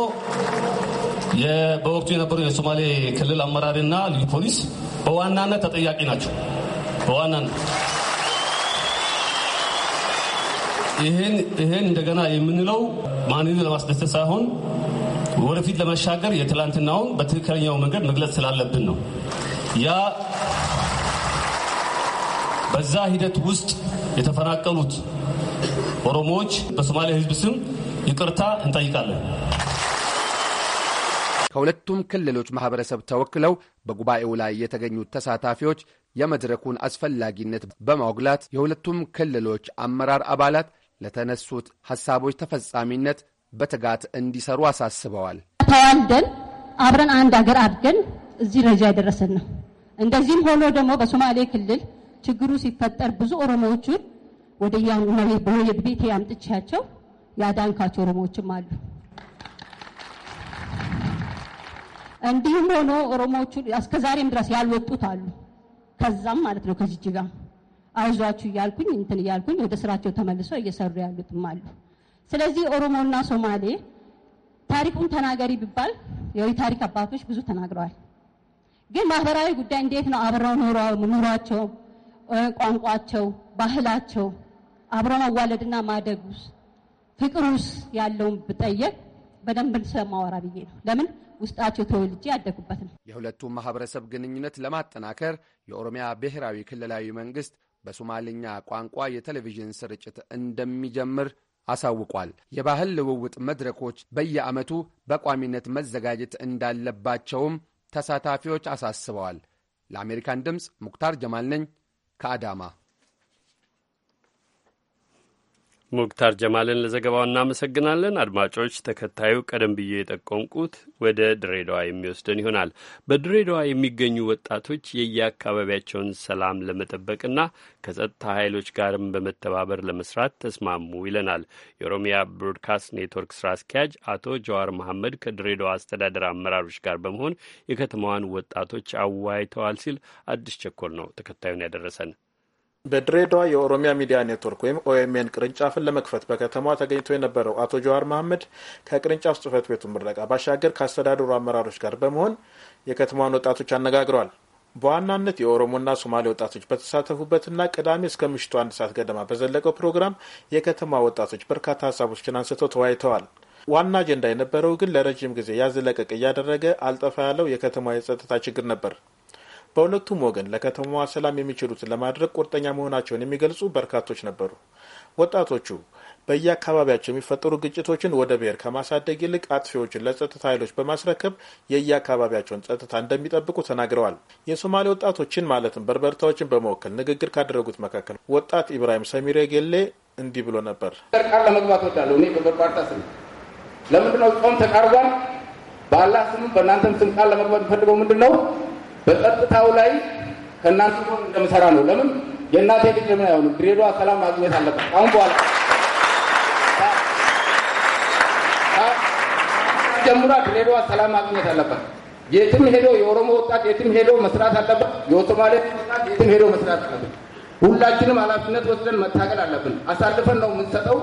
በወቅቱ የነበሩ የሶማሌ ክልል አመራርና ልዩ ፖሊስ በዋናነት ተጠያቂ ናቸው። በዋናን ይህን እንደገና የምንለው ማንን ለማስደሰት ሳይሆን ወደፊት ለመሻገር የትላንትናውን በትክክለኛው መንገድ መግለጽ ስላለብን ነው። ያ በዛ ሂደት ውስጥ የተፈናቀሉት ኦሮሞዎች በሶማሊያ ሕዝብ ስም ይቅርታ እንጠይቃለን። ከሁለቱም ክልሎች ማህበረሰብ ተወክለው በጉባኤው ላይ የተገኙት ተሳታፊዎች የመድረኩን አስፈላጊነት በማጉላት የሁለቱም ክልሎች አመራር አባላት ለተነሱት ሐሳቦች ተፈጻሚነት በትጋት እንዲሰሩ አሳስበዋል። ተዋልደን አብረን አንድ አገር አድገን እዚህ ደረጃ ያደረሰን ነው። እንደዚህም ሆኖ ደግሞ በሶማሌ ክልል ችግሩ ሲፈጠር ብዙ ኦሮሞዎቹን ወደ ቤቴ አምጥቻቸው ያዳንካቸው ኦሮሞዎችም አሉ። እንዲህም ሆኖ ኦሮሞዎቹ እስከዛሬም ድረስ ያልወጡት አሉ። ከዛም ማለት ነው ከጅጅጋ አይዟችሁ እያልኩኝ እንትን እያልኩኝ ወደ ስራቸው ተመልሶ እየሰሩ ያሉትም አሉ። ስለዚህ ኦሮሞና ሶማሌ ታሪኩን ተናገሪ ቢባል የታሪክ አባቶች ብዙ ተናግረዋል። ግን ማህበራዊ ጉዳይ እንዴት ነው አብረው ኑሯቸው፣ ቋንቋቸው፣ ባህላቸው አብረው መዋለድና ማደጉስ ፍቅሩስ ያለውን ብጠየቅ በደንብ እንሰማወራ ብዬ ነው። ለምን ውስጣቸው ተወልጄ ያደጉበት ነው። የሁለቱም ማህበረሰብ ግንኙነት ለማጠናከር የኦሮሚያ ብሔራዊ ክልላዊ መንግስት በሶማልኛ ቋንቋ የቴሌቪዥን ስርጭት እንደሚጀምር አሳውቋል። የባህል ልውውጥ መድረኮች በየዓመቱ በቋሚነት መዘጋጀት እንዳለባቸውም ተሳታፊዎች አሳስበዋል። ለአሜሪካን ድምፅ ሙክታር ጀማል ነኝ ከአዳማ። ሙክታር ጀማልን ለዘገባው እናመሰግናለን። አድማጮች፣ ተከታዩ ቀደም ብዬ የጠቆምኩት ወደ ድሬዳዋ የሚወስደን ይሆናል። በድሬዳዋ የሚገኙ ወጣቶች የየአካባቢያቸውን ሰላም ለመጠበቅና ከጸጥታ ኃይሎች ጋርም በመተባበር ለመስራት ተስማሙ ይለናል የኦሮሚያ ብሮድካስት ኔትወርክ ስራ አስኪያጅ አቶ ጀዋር መሐመድ ከድሬዳዋ አስተዳደር አመራሮች ጋር በመሆን የከተማዋን ወጣቶች አወያይተዋል ሲል አዲስ ቸኮል ነው ተከታዩን ያደረሰን። በድሬዳዋ የኦሮሚያ ሚዲያ ኔትወርክ ወይም ኦኤምኤን ቅርንጫፍን ለመክፈት በከተማዋ ተገኝቶ የነበረው አቶ ጀዋር መሐመድ ከቅርንጫፍ ጽህፈት ቤቱ ምረቃ ባሻገር ከአስተዳደሩ አመራሮች ጋር በመሆን የከተማዋን ወጣቶች አነጋግረዋል። በዋናነት የኦሮሞና ሶማሌ ወጣቶች በተሳተፉበትና ቅዳሜ እስከ ምሽቱ አንድ ሰዓት ገደማ በዘለቀው ፕሮግራም የከተማ ወጣቶች በርካታ ሀሳቦችን አንስተው ተወያይተዋል። ዋና አጀንዳ የነበረው ግን ለረዥም ጊዜ ያዝለቀቅ እያደረገ አልጠፋ ያለው የከተማ የጸጥታ ችግር ነበር። በሁለቱም ወገን ለከተማዋ ሰላም የሚችሉትን ለማድረግ ቁርጠኛ መሆናቸውን የሚገልጹ በርካቶች ነበሩ። ወጣቶቹ በየአካባቢያቸው የሚፈጠሩ ግጭቶችን ወደ ብሔር ከማሳደግ ይልቅ አጥፊዎችን ለጸጥታ ኃይሎች በማስረከብ የየአካባቢያቸውን ጸጥታ እንደሚጠብቁ ተናግረዋል። የሶማሌ ወጣቶችን ማለትም በርበርታዎችን በመወከል ንግግር ካደረጉት መካከል ወጣት ኢብራሂም ሰሚሬ ጌሌ እንዲህ ብሎ ነበር። ቃል ለመግባት ወዳለሁ እኔ በበርባርታ ስም ለምንድነው ጾም ተቃርቧል። በአላህ ስምም በእናንተም ስም ቃል ለመግባት የሚፈልገው ምንድን ነው? በጸጥታው ላይ ከእናንተ ጎን እንደምሰራ ነው። ለምን የእናቴ ልጅ ለምን አይሆንም? ድሬዳዋ ሰላም ማግኘት አለበት። አሁን በኋላ ጀምራ ድሬዳዋ ሰላም ማግኘት አለበት። የትም ሄዶ የኦሮሞ ወጣት የትም ሄዶ መስራት አለበት። የኦሶማሌ ወጣት የትም ሄዶ መስራት አለበት። ሁላችንም ኃላፊነት ወስደን መታገል አለብን። አሳልፈን ነው የምንሰጠው።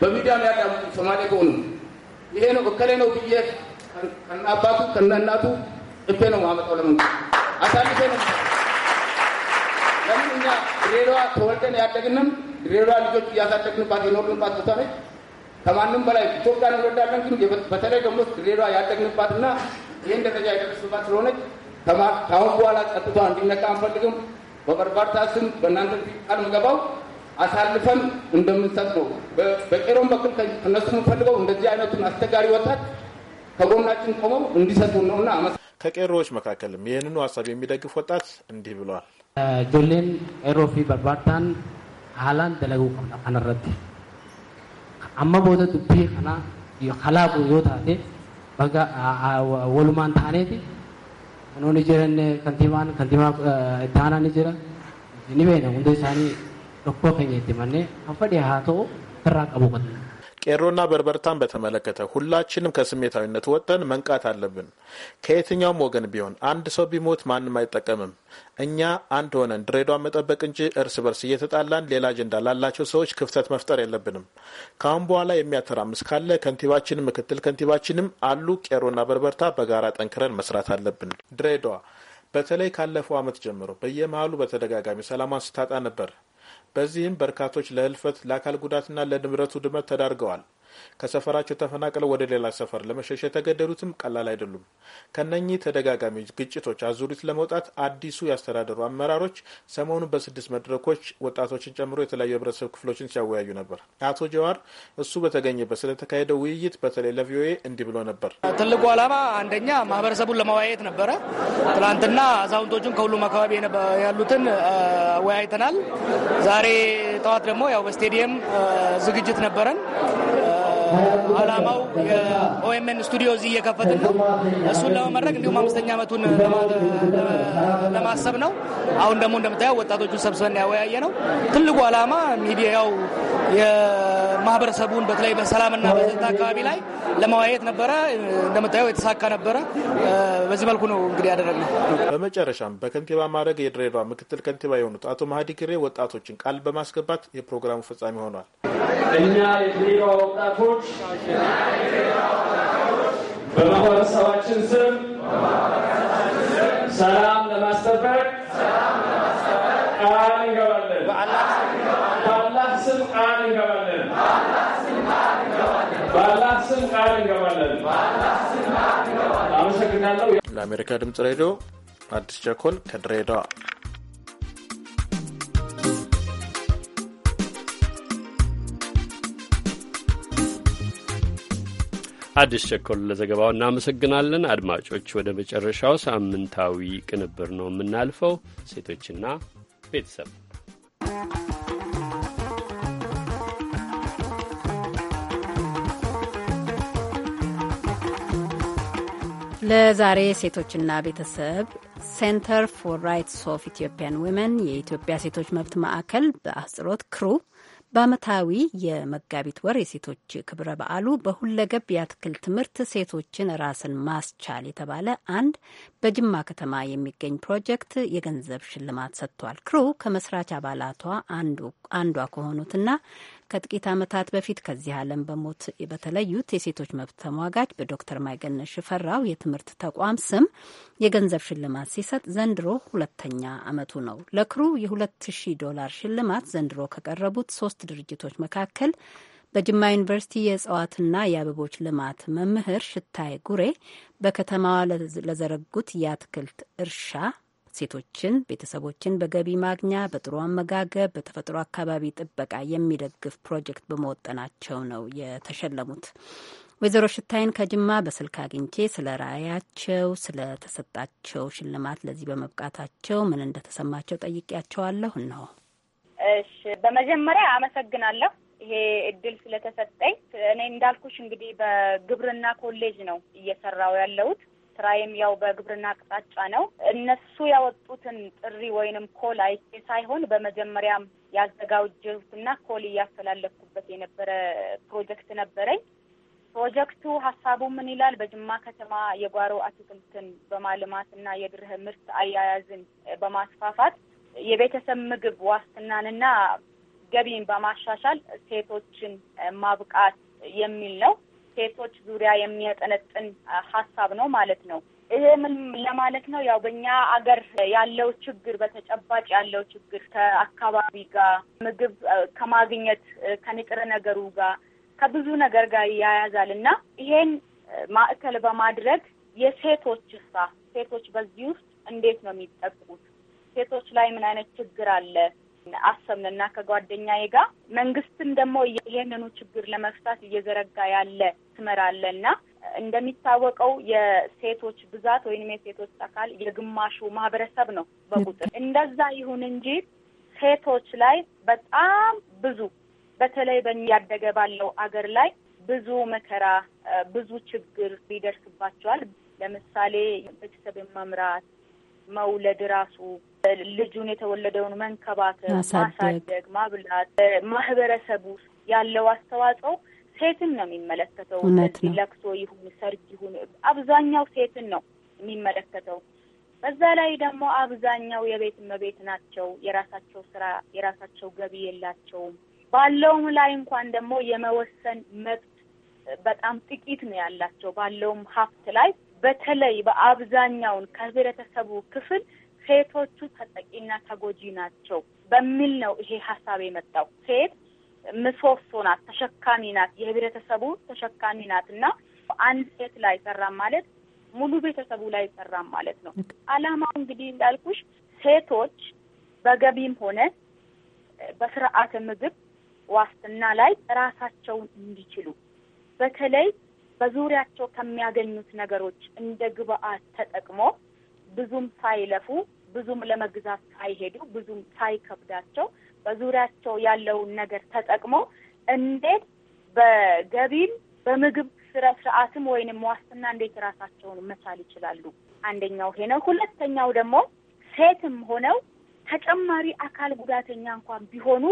በሚዲያ ያዳሙ ሶማሌ ከሆኑ ይሄ ነው እከሌ ነው ብዬ ከነአባቱ ከነእናቱ እፌ ነው ማመጣው ለመንግስት አሳልፌ ነው። ለምን እኛ ድሬዳዋ ተወልደን ያደግንም ድሬዳዋ ልጆች እያሳደግንባት የኖርንባት ቦታ ነች። ከማንም በላይ ኢትዮጵያን እንወዳለን፣ ግን በተለይ ደግሞ ድሬዳዋ ያደግንባትና ይህን ደረጃ የደረስንባት ስለሆነች ከአሁን በኋላ ጸጥታ እንዲነቃ አንፈልግም። በበርባርታ ስም በእናንተ ቃል ምገባው አሳልፈን እንደምንሰጥ ነው። በቄሮም በኩል ከነሱ የምንፈልገው እንደዚህ አይነቱን አስቸጋሪ ወጣት ከጎናችን ቆመው እና ነውና ከቄሮዎች መካከልም ይህንኑ ሀሳብ የሚደግፍ ወጣት እንዲህ ብለዋል። ጆሌን ኤሮፊ በርባርታን ሀላን ደለጉ ከነረት አማ ቦታ ዱቢ ከና ከላቁ ዮታቴ ወሉማን ታኔቲ ከኖን ጀረን ከንቲማን ከንቲማ ታና ጀረ ኒቤነ ሁንደ ሳኒ ዶኮ ከኘ ቲመኔ ከፈዴ ሀቶ ተራቀቡ ቀጥነ ቄሮና በርበርታን በተመለከተ ሁላችንም ከስሜታዊነት ወጥተን መንቃት አለብን። ከየትኛውም ወገን ቢሆን አንድ ሰው ቢሞት ማንም አይጠቀምም። እኛ አንድ ሆነን ድሬዳዋን መጠበቅ እንጂ እርስ በርስ እየተጣላን ሌላ አጀንዳ ላላቸው ሰዎች ክፍተት መፍጠር የለብንም። ከአሁን በኋላ የሚያተራምስ ካለ ከንቲባችንም ምክትል ከንቲባችንም አሉ። ቄሮና በርበርታ በጋራ ጠንክረን መስራት አለብን። ድሬዳዋ በተለይ ካለፈው ዓመት ጀምሮ በየመሃሉ በተደጋጋሚ ሰላሟን ስታጣ ነበር። በዚህም በርካቶች ለህልፈት፣ ለአካል ጉዳትና ለንብረት ውድመት ተዳርገዋል። ከሰፈራቸው ተፈናቅለው ወደ ሌላ ሰፈር ለመሸሽ የተገደዱትም ቀላል አይደሉም። ከነኚህ ተደጋጋሚ ግጭቶች አዙሪት ለመውጣት አዲሱ ያስተዳደሩ አመራሮች ሰሞኑን በስድስት መድረኮች ወጣቶችን ጨምሮ የተለያዩ ህብረተሰብ ክፍሎችን ሲያወያዩ ነበር። አቶ ጀዋር እሱ በተገኘበት ስለተካሄደው ውይይት በተለይ ለቪኦኤ እንዲህ ብሎ ነበር። ትልቁ ዓላማ አንደኛ ማህበረሰቡን ለማወያየት ነበረ። ትናንትና አዛውንቶቹን ከሁሉም አካባቢ ያሉትን አወያይተናል። ዛሬ ጠዋት ደግሞ ያው በስቴዲየም ዝግጅት ነበረን። አላማው የኦኤምኤን ስቱዲዮ እዚህ እየከፈትን ነው። እሱን ለመመረቅ እንዲሁም አምስተኛ ዓመቱን ለማሰብ ነው። አሁን ደግሞ እንደምታየው ወጣቶቹን ሰብስበን ያወያየ ነው። ትልቁ አላማ ሚዲያው የማህበረሰቡን በተለይ በሰላምና በጸጥታ አካባቢ ላይ ለመወያየት ነበረ። እንደምታየው የተሳካ ነበረ። በዚህ መልኩ ነው እንግዲህ ያደረግነው። በመጨረሻም በከንቲባ ማድረግ የድሬዳዋ ምክትል ከንቲባ የሆኑት አቶ ማህዲ ግሬ ወጣቶችን ቃል በማስገባት የፕሮግራሙ ፍጻሜ ሆኗል። እኛ የድሬዳዋ ወጣቶች በማህበረሰባችን ስም ሰላም ለማስጠበቅ ቃል እንገባለን። በአላህ ስም ቃል እንገባለን። በአላህ ስም ቃል እንገባለን። አመሰግናለሁ። ለአሜሪካ ድምፅ ሬዲዮ አዲስ ቸኮል ከድሬዳዋ አዲስ ቸኮል ለዘገባው እናመሰግናለን። አድማጮች፣ ወደ መጨረሻው ሳምንታዊ ቅንብር ነው የምናልፈው። ሴቶችና ቤተሰብ ለዛሬ ሴቶችና ቤተሰብ ሴንተር ፎር ራይትስ ኦፍ ኢትዮጵያን ዊመን የኢትዮጵያ ሴቶች መብት ማዕከል በአጽሮት ክሩ በአመታዊ የመጋቢት ወር የሴቶች ክብረ በዓሉ በሁለገብ የአትክልት ትምህርት ሴቶችን ራስን ማስቻል የተባለ አንድ በጅማ ከተማ የሚገኝ ፕሮጀክት የገንዘብ ሽልማት ሰጥቷል። ክሩ ከመስራች አባላቷ አንዷ ከሆኑትና ከጥቂት ዓመታት በፊት ከዚህ ዓለም በሞት በተለዩት የሴቶች መብት ተሟጋች በዶክተር ማይገነሽ ሽፈራው የትምህርት ተቋም ስም የገንዘብ ሽልማት ሲሰጥ ዘንድሮ ሁለተኛ ዓመቱ ነው። ለክሩ የ2000 ዶላር ሽልማት ዘንድሮ ከቀረቡት ሶስት ድርጅቶች መካከል በጅማ ዩኒቨርሲቲ የእጽዋትና የአበቦች ልማት መምህር ሽታይ ጉሬ በከተማዋ ለዘረጉት የአትክልት እርሻ ሴቶችን፣ ቤተሰቦችን በገቢ ማግኛ፣ በጥሩ አመጋገብ፣ በተፈጥሮ አካባቢ ጥበቃ የሚደግፍ ፕሮጀክት በመወጠናቸው ነው የተሸለሙት። ወይዘሮ ሽታይን ከጅማ በስልክ አግኝቼ ስለ ራዕያቸው፣ ስለ ተሰጣቸው ሽልማት፣ ለዚህ በመብቃታቸው ምን እንደተሰማቸው ጠይቄያቸዋለሁ። እነሆ። እሺ፣ በመጀመሪያ አመሰግናለሁ ይሄ እድል ስለተሰጠኝ። እኔ እንዳልኩሽ እንግዲህ በግብርና ኮሌጅ ነው እየሰራው ያለሁት ስራዬም ያው በግብርና አቅጣጫ ነው። እነሱ ያወጡትን ጥሪ ወይንም ኮል አይቼ ሳይሆን በመጀመሪያም ያዘጋጀሁትና ኮል እያስተላለፍኩበት የነበረ ፕሮጀክት ነበረኝ። ፕሮጀክቱ ሀሳቡ ምን ይላል? በጅማ ከተማ የጓሮ አትክልትን በማልማት ና የድርህ ምርት አያያዝን በማስፋፋት የቤተሰብ ምግብ ዋስትናንና ገቢን በማሻሻል ሴቶችን ማብቃት የሚል ነው። ሴቶች ዙሪያ የሚያጠነጥን ሀሳብ ነው ማለት ነው። ይሄ ምን ለማለት ነው? ያው በእኛ አገር ያለው ችግር በተጨባጭ ያለው ችግር ከአካባቢ ጋር ምግብ ከማግኘት ከንጥረ ነገሩ ጋር ከብዙ ነገር ጋር ያያዛል እና ይሄን ማዕከል በማድረግ የሴቶች ሳ ሴቶች በዚህ ውስጥ እንዴት ነው የሚጠቁት? ሴቶች ላይ ምን አይነት ችግር አለ? አሰብን ከጓደኛ ከጓደኛዬ ጋር መንግስትም ደግሞ ይህንኑ ችግር ለመፍታት እየዘረጋ ያለ ትመር አለ እና እንደሚታወቀው የሴቶች ብዛት ወይም የሴቶች አካል የግማሹ ማህበረሰብ ነው በቁጥር። እንደዛ ይሁን እንጂ ሴቶች ላይ በጣም ብዙ በተለይ በያደገ ባለው አገር ላይ ብዙ መከራ፣ ብዙ ችግር ይደርስባቸዋል። ለምሳሌ ቤተሰብ መምራት፣ መውለድ ራሱ ልጁን የተወለደውን መንከባከብ፣ ማሳደግ፣ ማብላት ማህበረሰቡ ውስጥ ያለው አስተዋጽኦ ሴትን ነው የሚመለከተው። እዚህ ለቅሶ ይሁን ሰርግ ይሁን አብዛኛው ሴትን ነው የሚመለከተው። በዛ ላይ ደግሞ አብዛኛው የቤት እመቤት ናቸው። የራሳቸው ስራ፣ የራሳቸው ገቢ የላቸውም። ባለውም ላይ እንኳን ደግሞ የመወሰን መብት በጣም ጥቂት ነው ያላቸው። ባለውም ሀብት ላይ በተለይ በአብዛኛውን ከህብረተሰቡ ክፍል ሴቶቹ ተጠቂና ተጎጂ ናቸው በሚል ነው ይሄ ሀሳብ የመጣው። ሴት ምሰሶ ናት፣ ተሸካሚ ናት፣ የህብረተሰቡ ተሸካሚ ናት እና አንድ ሴት ላይ አይሰራም ማለት ሙሉ ቤተሰቡ ላይ አይሰራም ማለት ነው። አላማው እንግዲህ እንዳልኩሽ ሴቶች በገቢም ሆነ በስርዓተ ምግብ ዋስትና ላይ ራሳቸውን እንዲችሉ በተለይ በዙሪያቸው ከሚያገኙት ነገሮች እንደ ግብአት ተጠቅሞ ብዙም ሳይለፉ ብዙም ለመግዛት ሳይሄዱ ብዙም ሳይከብዳቸው በዙሪያቸው ያለውን ነገር ተጠቅሞ እንዴት በገቢም በምግብ ስረ ስርዓትም ወይንም ዋስትና እንዴት ራሳቸውን መቻል ይችላሉ። አንደኛው ይሄ ነው። ሁለተኛው ደግሞ ሴትም ሆነው ተጨማሪ አካል ጉዳተኛ እንኳን ቢሆኑ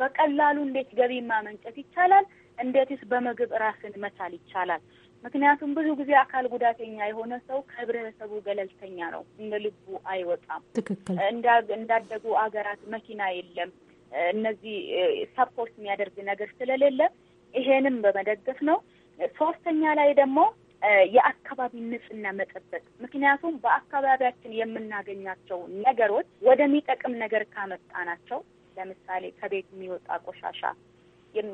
በቀላሉ እንዴት ገቢ ማመንጨት ይቻላል፣ እንዴትስ በምግብ ራስን መቻል ይቻላል ምክንያቱም ብዙ ጊዜ አካል ጉዳተኛ የሆነ ሰው ከህብረተሰቡ ገለልተኛ ነው፣ እንደ ልቡ አይወጣም። ትክክል። እንዳደጉ አገራት መኪና የለም፣ እነዚህ ሰፖርት የሚያደርግ ነገር ስለሌለ ይሄንም በመደገፍ ነው። ሶስተኛ ላይ ደግሞ የአካባቢ ንጽህና መጠበቅ። ምክንያቱም በአካባቢያችን የምናገኛቸው ነገሮች ወደሚጠቅም ነገር ካመጣ ናቸው። ለምሳሌ ከቤት የሚወጣ ቆሻሻ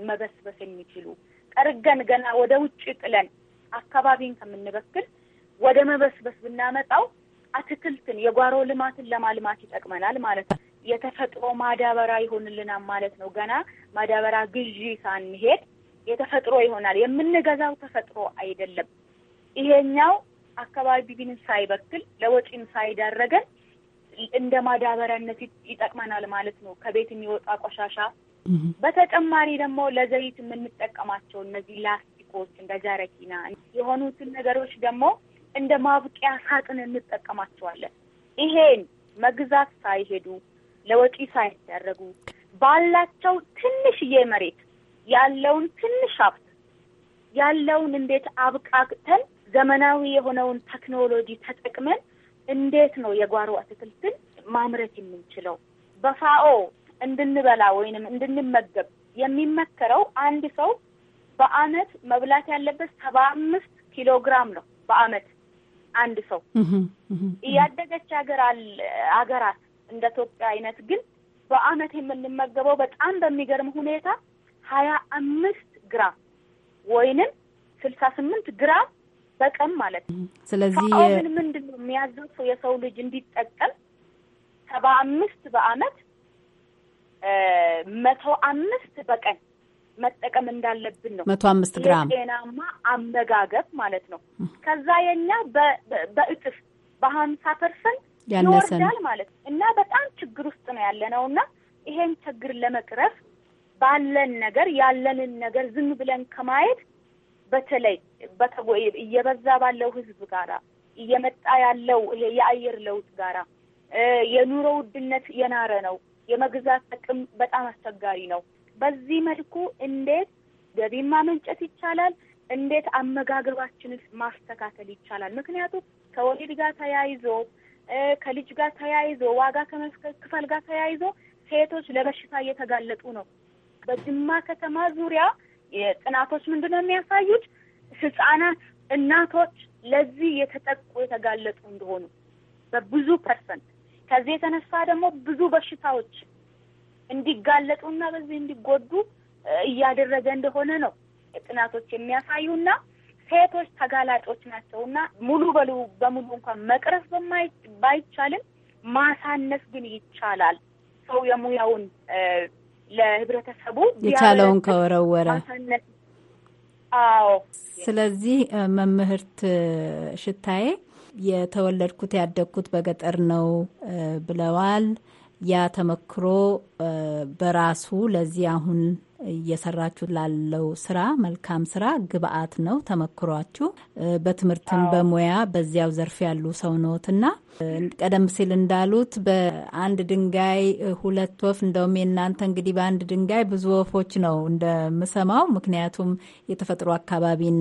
መበስበስ የሚችሉ ጠርገን ገና ወደ ውጭ ጥለን አካባቢን ከምንበክል ወደ መበስበስ ብናመጣው አትክልትን የጓሮ ልማትን ለማልማት ይጠቅመናል ማለት ነው። የተፈጥሮ ማዳበራ ይሆንልናል ማለት ነው። ገና ማዳበራ ግዢ ሳንሄድ የተፈጥሮ ይሆናል። የምንገዛው ተፈጥሮ አይደለም። ይሄኛው አካባቢን ሳይበክል ለወጪም ሳይዳረገን እንደ ማዳበሪያነት ይጠቅመናል ማለት ነው። ከቤት የሚወጣ ቆሻሻ በተጨማሪ ደግሞ ለዘይት የምንጠቀማቸው እነዚህ ላስ ወርቆች፣ እንደ ጃረኪና የሆኑትን ነገሮች ደግሞ እንደ ማብቂያ ሳጥን እንጠቀማቸዋለን። ይሄን መግዛት ሳይሄዱ ለወጪ ሳይደረጉ ባላቸው ትንሽዬ መሬት ያለውን ትንሽ ሀብት ያለውን እንዴት አብቃቅተን ዘመናዊ የሆነውን ቴክኖሎጂ ተጠቅመን እንዴት ነው የጓሮ አትክልትን ማምረት የምንችለው? በፋኦ እንድንበላ ወይንም እንድንመገብ የሚመከረው አንድ ሰው በአመት መብላት ያለበት ሰባ አምስት ኪሎ ግራም ነው በአመት አንድ ሰው። እያደገች ሀገር ሀገራት እንደ ኢትዮጵያ አይነት ግን በአመት የምንመገበው በጣም በሚገርም ሁኔታ ሀያ አምስት ግራም ወይንም ስልሳ ስምንት ግራም በቀን ማለት ነው። ስለዚህ ምን ምንድን ነው የሚያዘው ሰው የሰው ልጅ እንዲጠቀም ሰባ አምስት በአመት መቶ አምስት በቀን መጠቀም እንዳለብን ነው። መቶ አምስት ግራም ጤናማ አመጋገብ ማለት ነው። ከዛ የኛ በእጥፍ በሀምሳ ፐርሰንት ይወርዳል ማለት ነው እና በጣም ችግር ውስጥ ነው ያለ ነው እና ይሄን ችግር ለመቅረፍ ባለን ነገር ያለንን ነገር ዝም ብለን ከማየት በተለይ እየበዛ ባለው ህዝብ ጋራ እየመጣ ያለው ይሄ የአየር ለውጥ ጋራ የኑሮ ውድነት የናረ ነው። የመግዛት ጥቅም በጣም አስቸጋሪ ነው። በዚህ መልኩ እንዴት ገቢ ማመንጨት ይቻላል? እንዴት አመጋገባችን ማስተካከል ይቻላል? ምክንያቱም ከወሊድ ጋር ተያይዞ ከልጅ ጋር ተያይዞ ዋጋ ከመክፈል ጋር ተያይዞ ሴቶች ለበሽታ እየተጋለጡ ነው። በጅማ ከተማ ዙሪያ የጥናቶች ምንድን ነው የሚያሳዩት? ህጻናት፣ እናቶች ለዚህ የተጠቁ የተጋለጡ እንደሆኑ በብዙ ፐርሰንት። ከዚህ የተነሳ ደግሞ ብዙ በሽታዎች እንዲጋለጡና በዚህ እንዲጎዱ እያደረገ እንደሆነ ነው ጥናቶች የሚያሳዩና ሴቶች ተጋላጮች ናቸውና ሙሉ በሉ በሙሉ እንኳን መቅረፍ ባይቻልም ማሳነስ ግን ይቻላል። ሰው የሙያውን ለህብረተሰቡ የቻለውን ከወረወረ አዎ። ስለዚህ መምህርት ሽታዬ የተወለድኩት ያደግኩት በገጠር ነው ብለዋል። ያ ተመክሮ በራሱ ለዚህ አሁን እየሰራችሁ ላለው ስራ መልካም ስራ ግብአት ነው። ተመክሯችሁ በትምህርትም በሙያ በዚያው ዘርፍ ያሉ ሰው ነዎትና ቀደም ሲል እንዳሉት በአንድ ድንጋይ ሁለት ወፍ፣ እንደውም የእናንተ እንግዲህ በአንድ ድንጋይ ብዙ ወፎች ነው እንደምሰማው። ምክንያቱም የተፈጥሮ አካባቢን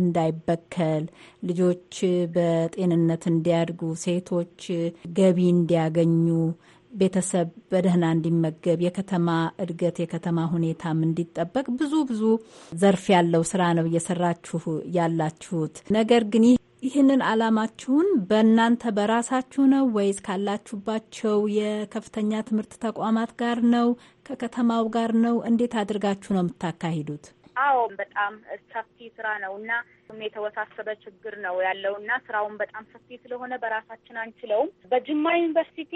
እንዳይበከል ልጆች በጤንነት እንዲያድጉ፣ ሴቶች ገቢ እንዲያገኙ ቤተሰብ በደህና እንዲመገብ የከተማ እድገት የከተማ ሁኔታም እንዲጠበቅ ብዙ ብዙ ዘርፍ ያለው ስራ ነው እየሰራችሁ ያላችሁት። ነገር ግን ይህንን አላማችሁን በእናንተ በራሳችሁ ነው ወይስ ካላችሁባቸው የከፍተኛ ትምህርት ተቋማት ጋር ነው? ከከተማው ጋር ነው? እንዴት አድርጋችሁ ነው የምታካሂዱት? አዎ በጣም ሰፊ ስራ ነው እና የተወሳሰበ ችግር ነው ያለው እና ስራውን በጣም ሰፊ ስለሆነ በራሳችን አንችለውም። በጅማ ዩኒቨርሲቲ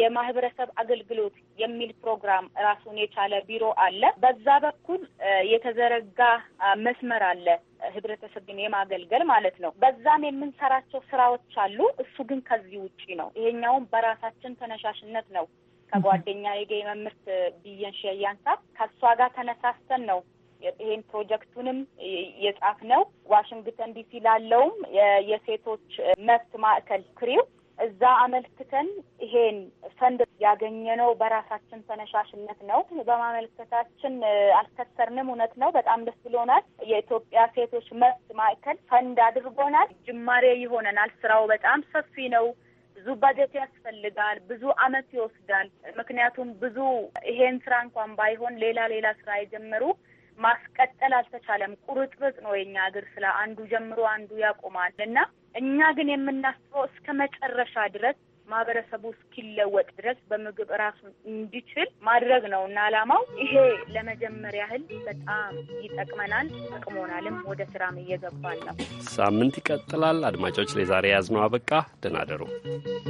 የማህበረሰብ አገልግሎት የሚል ፕሮግራም ራሱን የቻለ ቢሮ አለ። በዛ በኩል የተዘረጋ መስመር አለ ህብረተሰብን የማገልገል ማለት ነው። በዛም የምንሰራቸው ስራዎች አሉ። እሱ ግን ከዚህ ውጪ ነው። ይሄኛውም በራሳችን ተነሻሽነት ነው ከጓደኛ የገ መምህርት ብየን ሸያንሳ ከእሷ ጋር ተነሳስተን ነው ይሄን ፕሮጀክቱንም የጻፍ ነው። ዋሽንግተን ዲሲ ላለውም የሴቶች መብት ማዕከል ክሪው እዛ አመልክተን ይሄን ፈንድ ያገኘነው በራሳችን ተነሻሽነት ነው። በማመልከታችን አልከሰርንም። እውነት ነው። በጣም ደስ ብሎናል። የኢትዮጵያ ሴቶች መብት ማዕከል ፈንድ አድርጎናል። ጅማሬ ይሆነናል። ስራው በጣም ሰፊ ነው። ብዙ በጀት ያስፈልጋል። ብዙ አመት ይወስዳል። ምክንያቱም ብዙ ይሄን ስራ እንኳን ባይሆን ሌላ ሌላ ስራ የጀመሩ ማስቀጠል አልተቻለም። ቁርጥርጥ ነው የኛ እግር ስለ አንዱ ጀምሮ አንዱ ያቆማል እና እኛ ግን የምናስበው እስከ መጨረሻ ድረስ ማህበረሰቡ እስኪለወጥ ድረስ በምግብ ራሱ እንዲችል ማድረግ ነው እና አላማው ይሄ ለመጀመሪያ ያህል በጣም ይጠቅመናል፣ ጠቅሞናልም። ወደ ስራም እየገባን ነው። ሳምንት ይቀጥላል። አድማጮች፣ ለዛሬ ያዝነው አበቃ። ደህና ደሩ።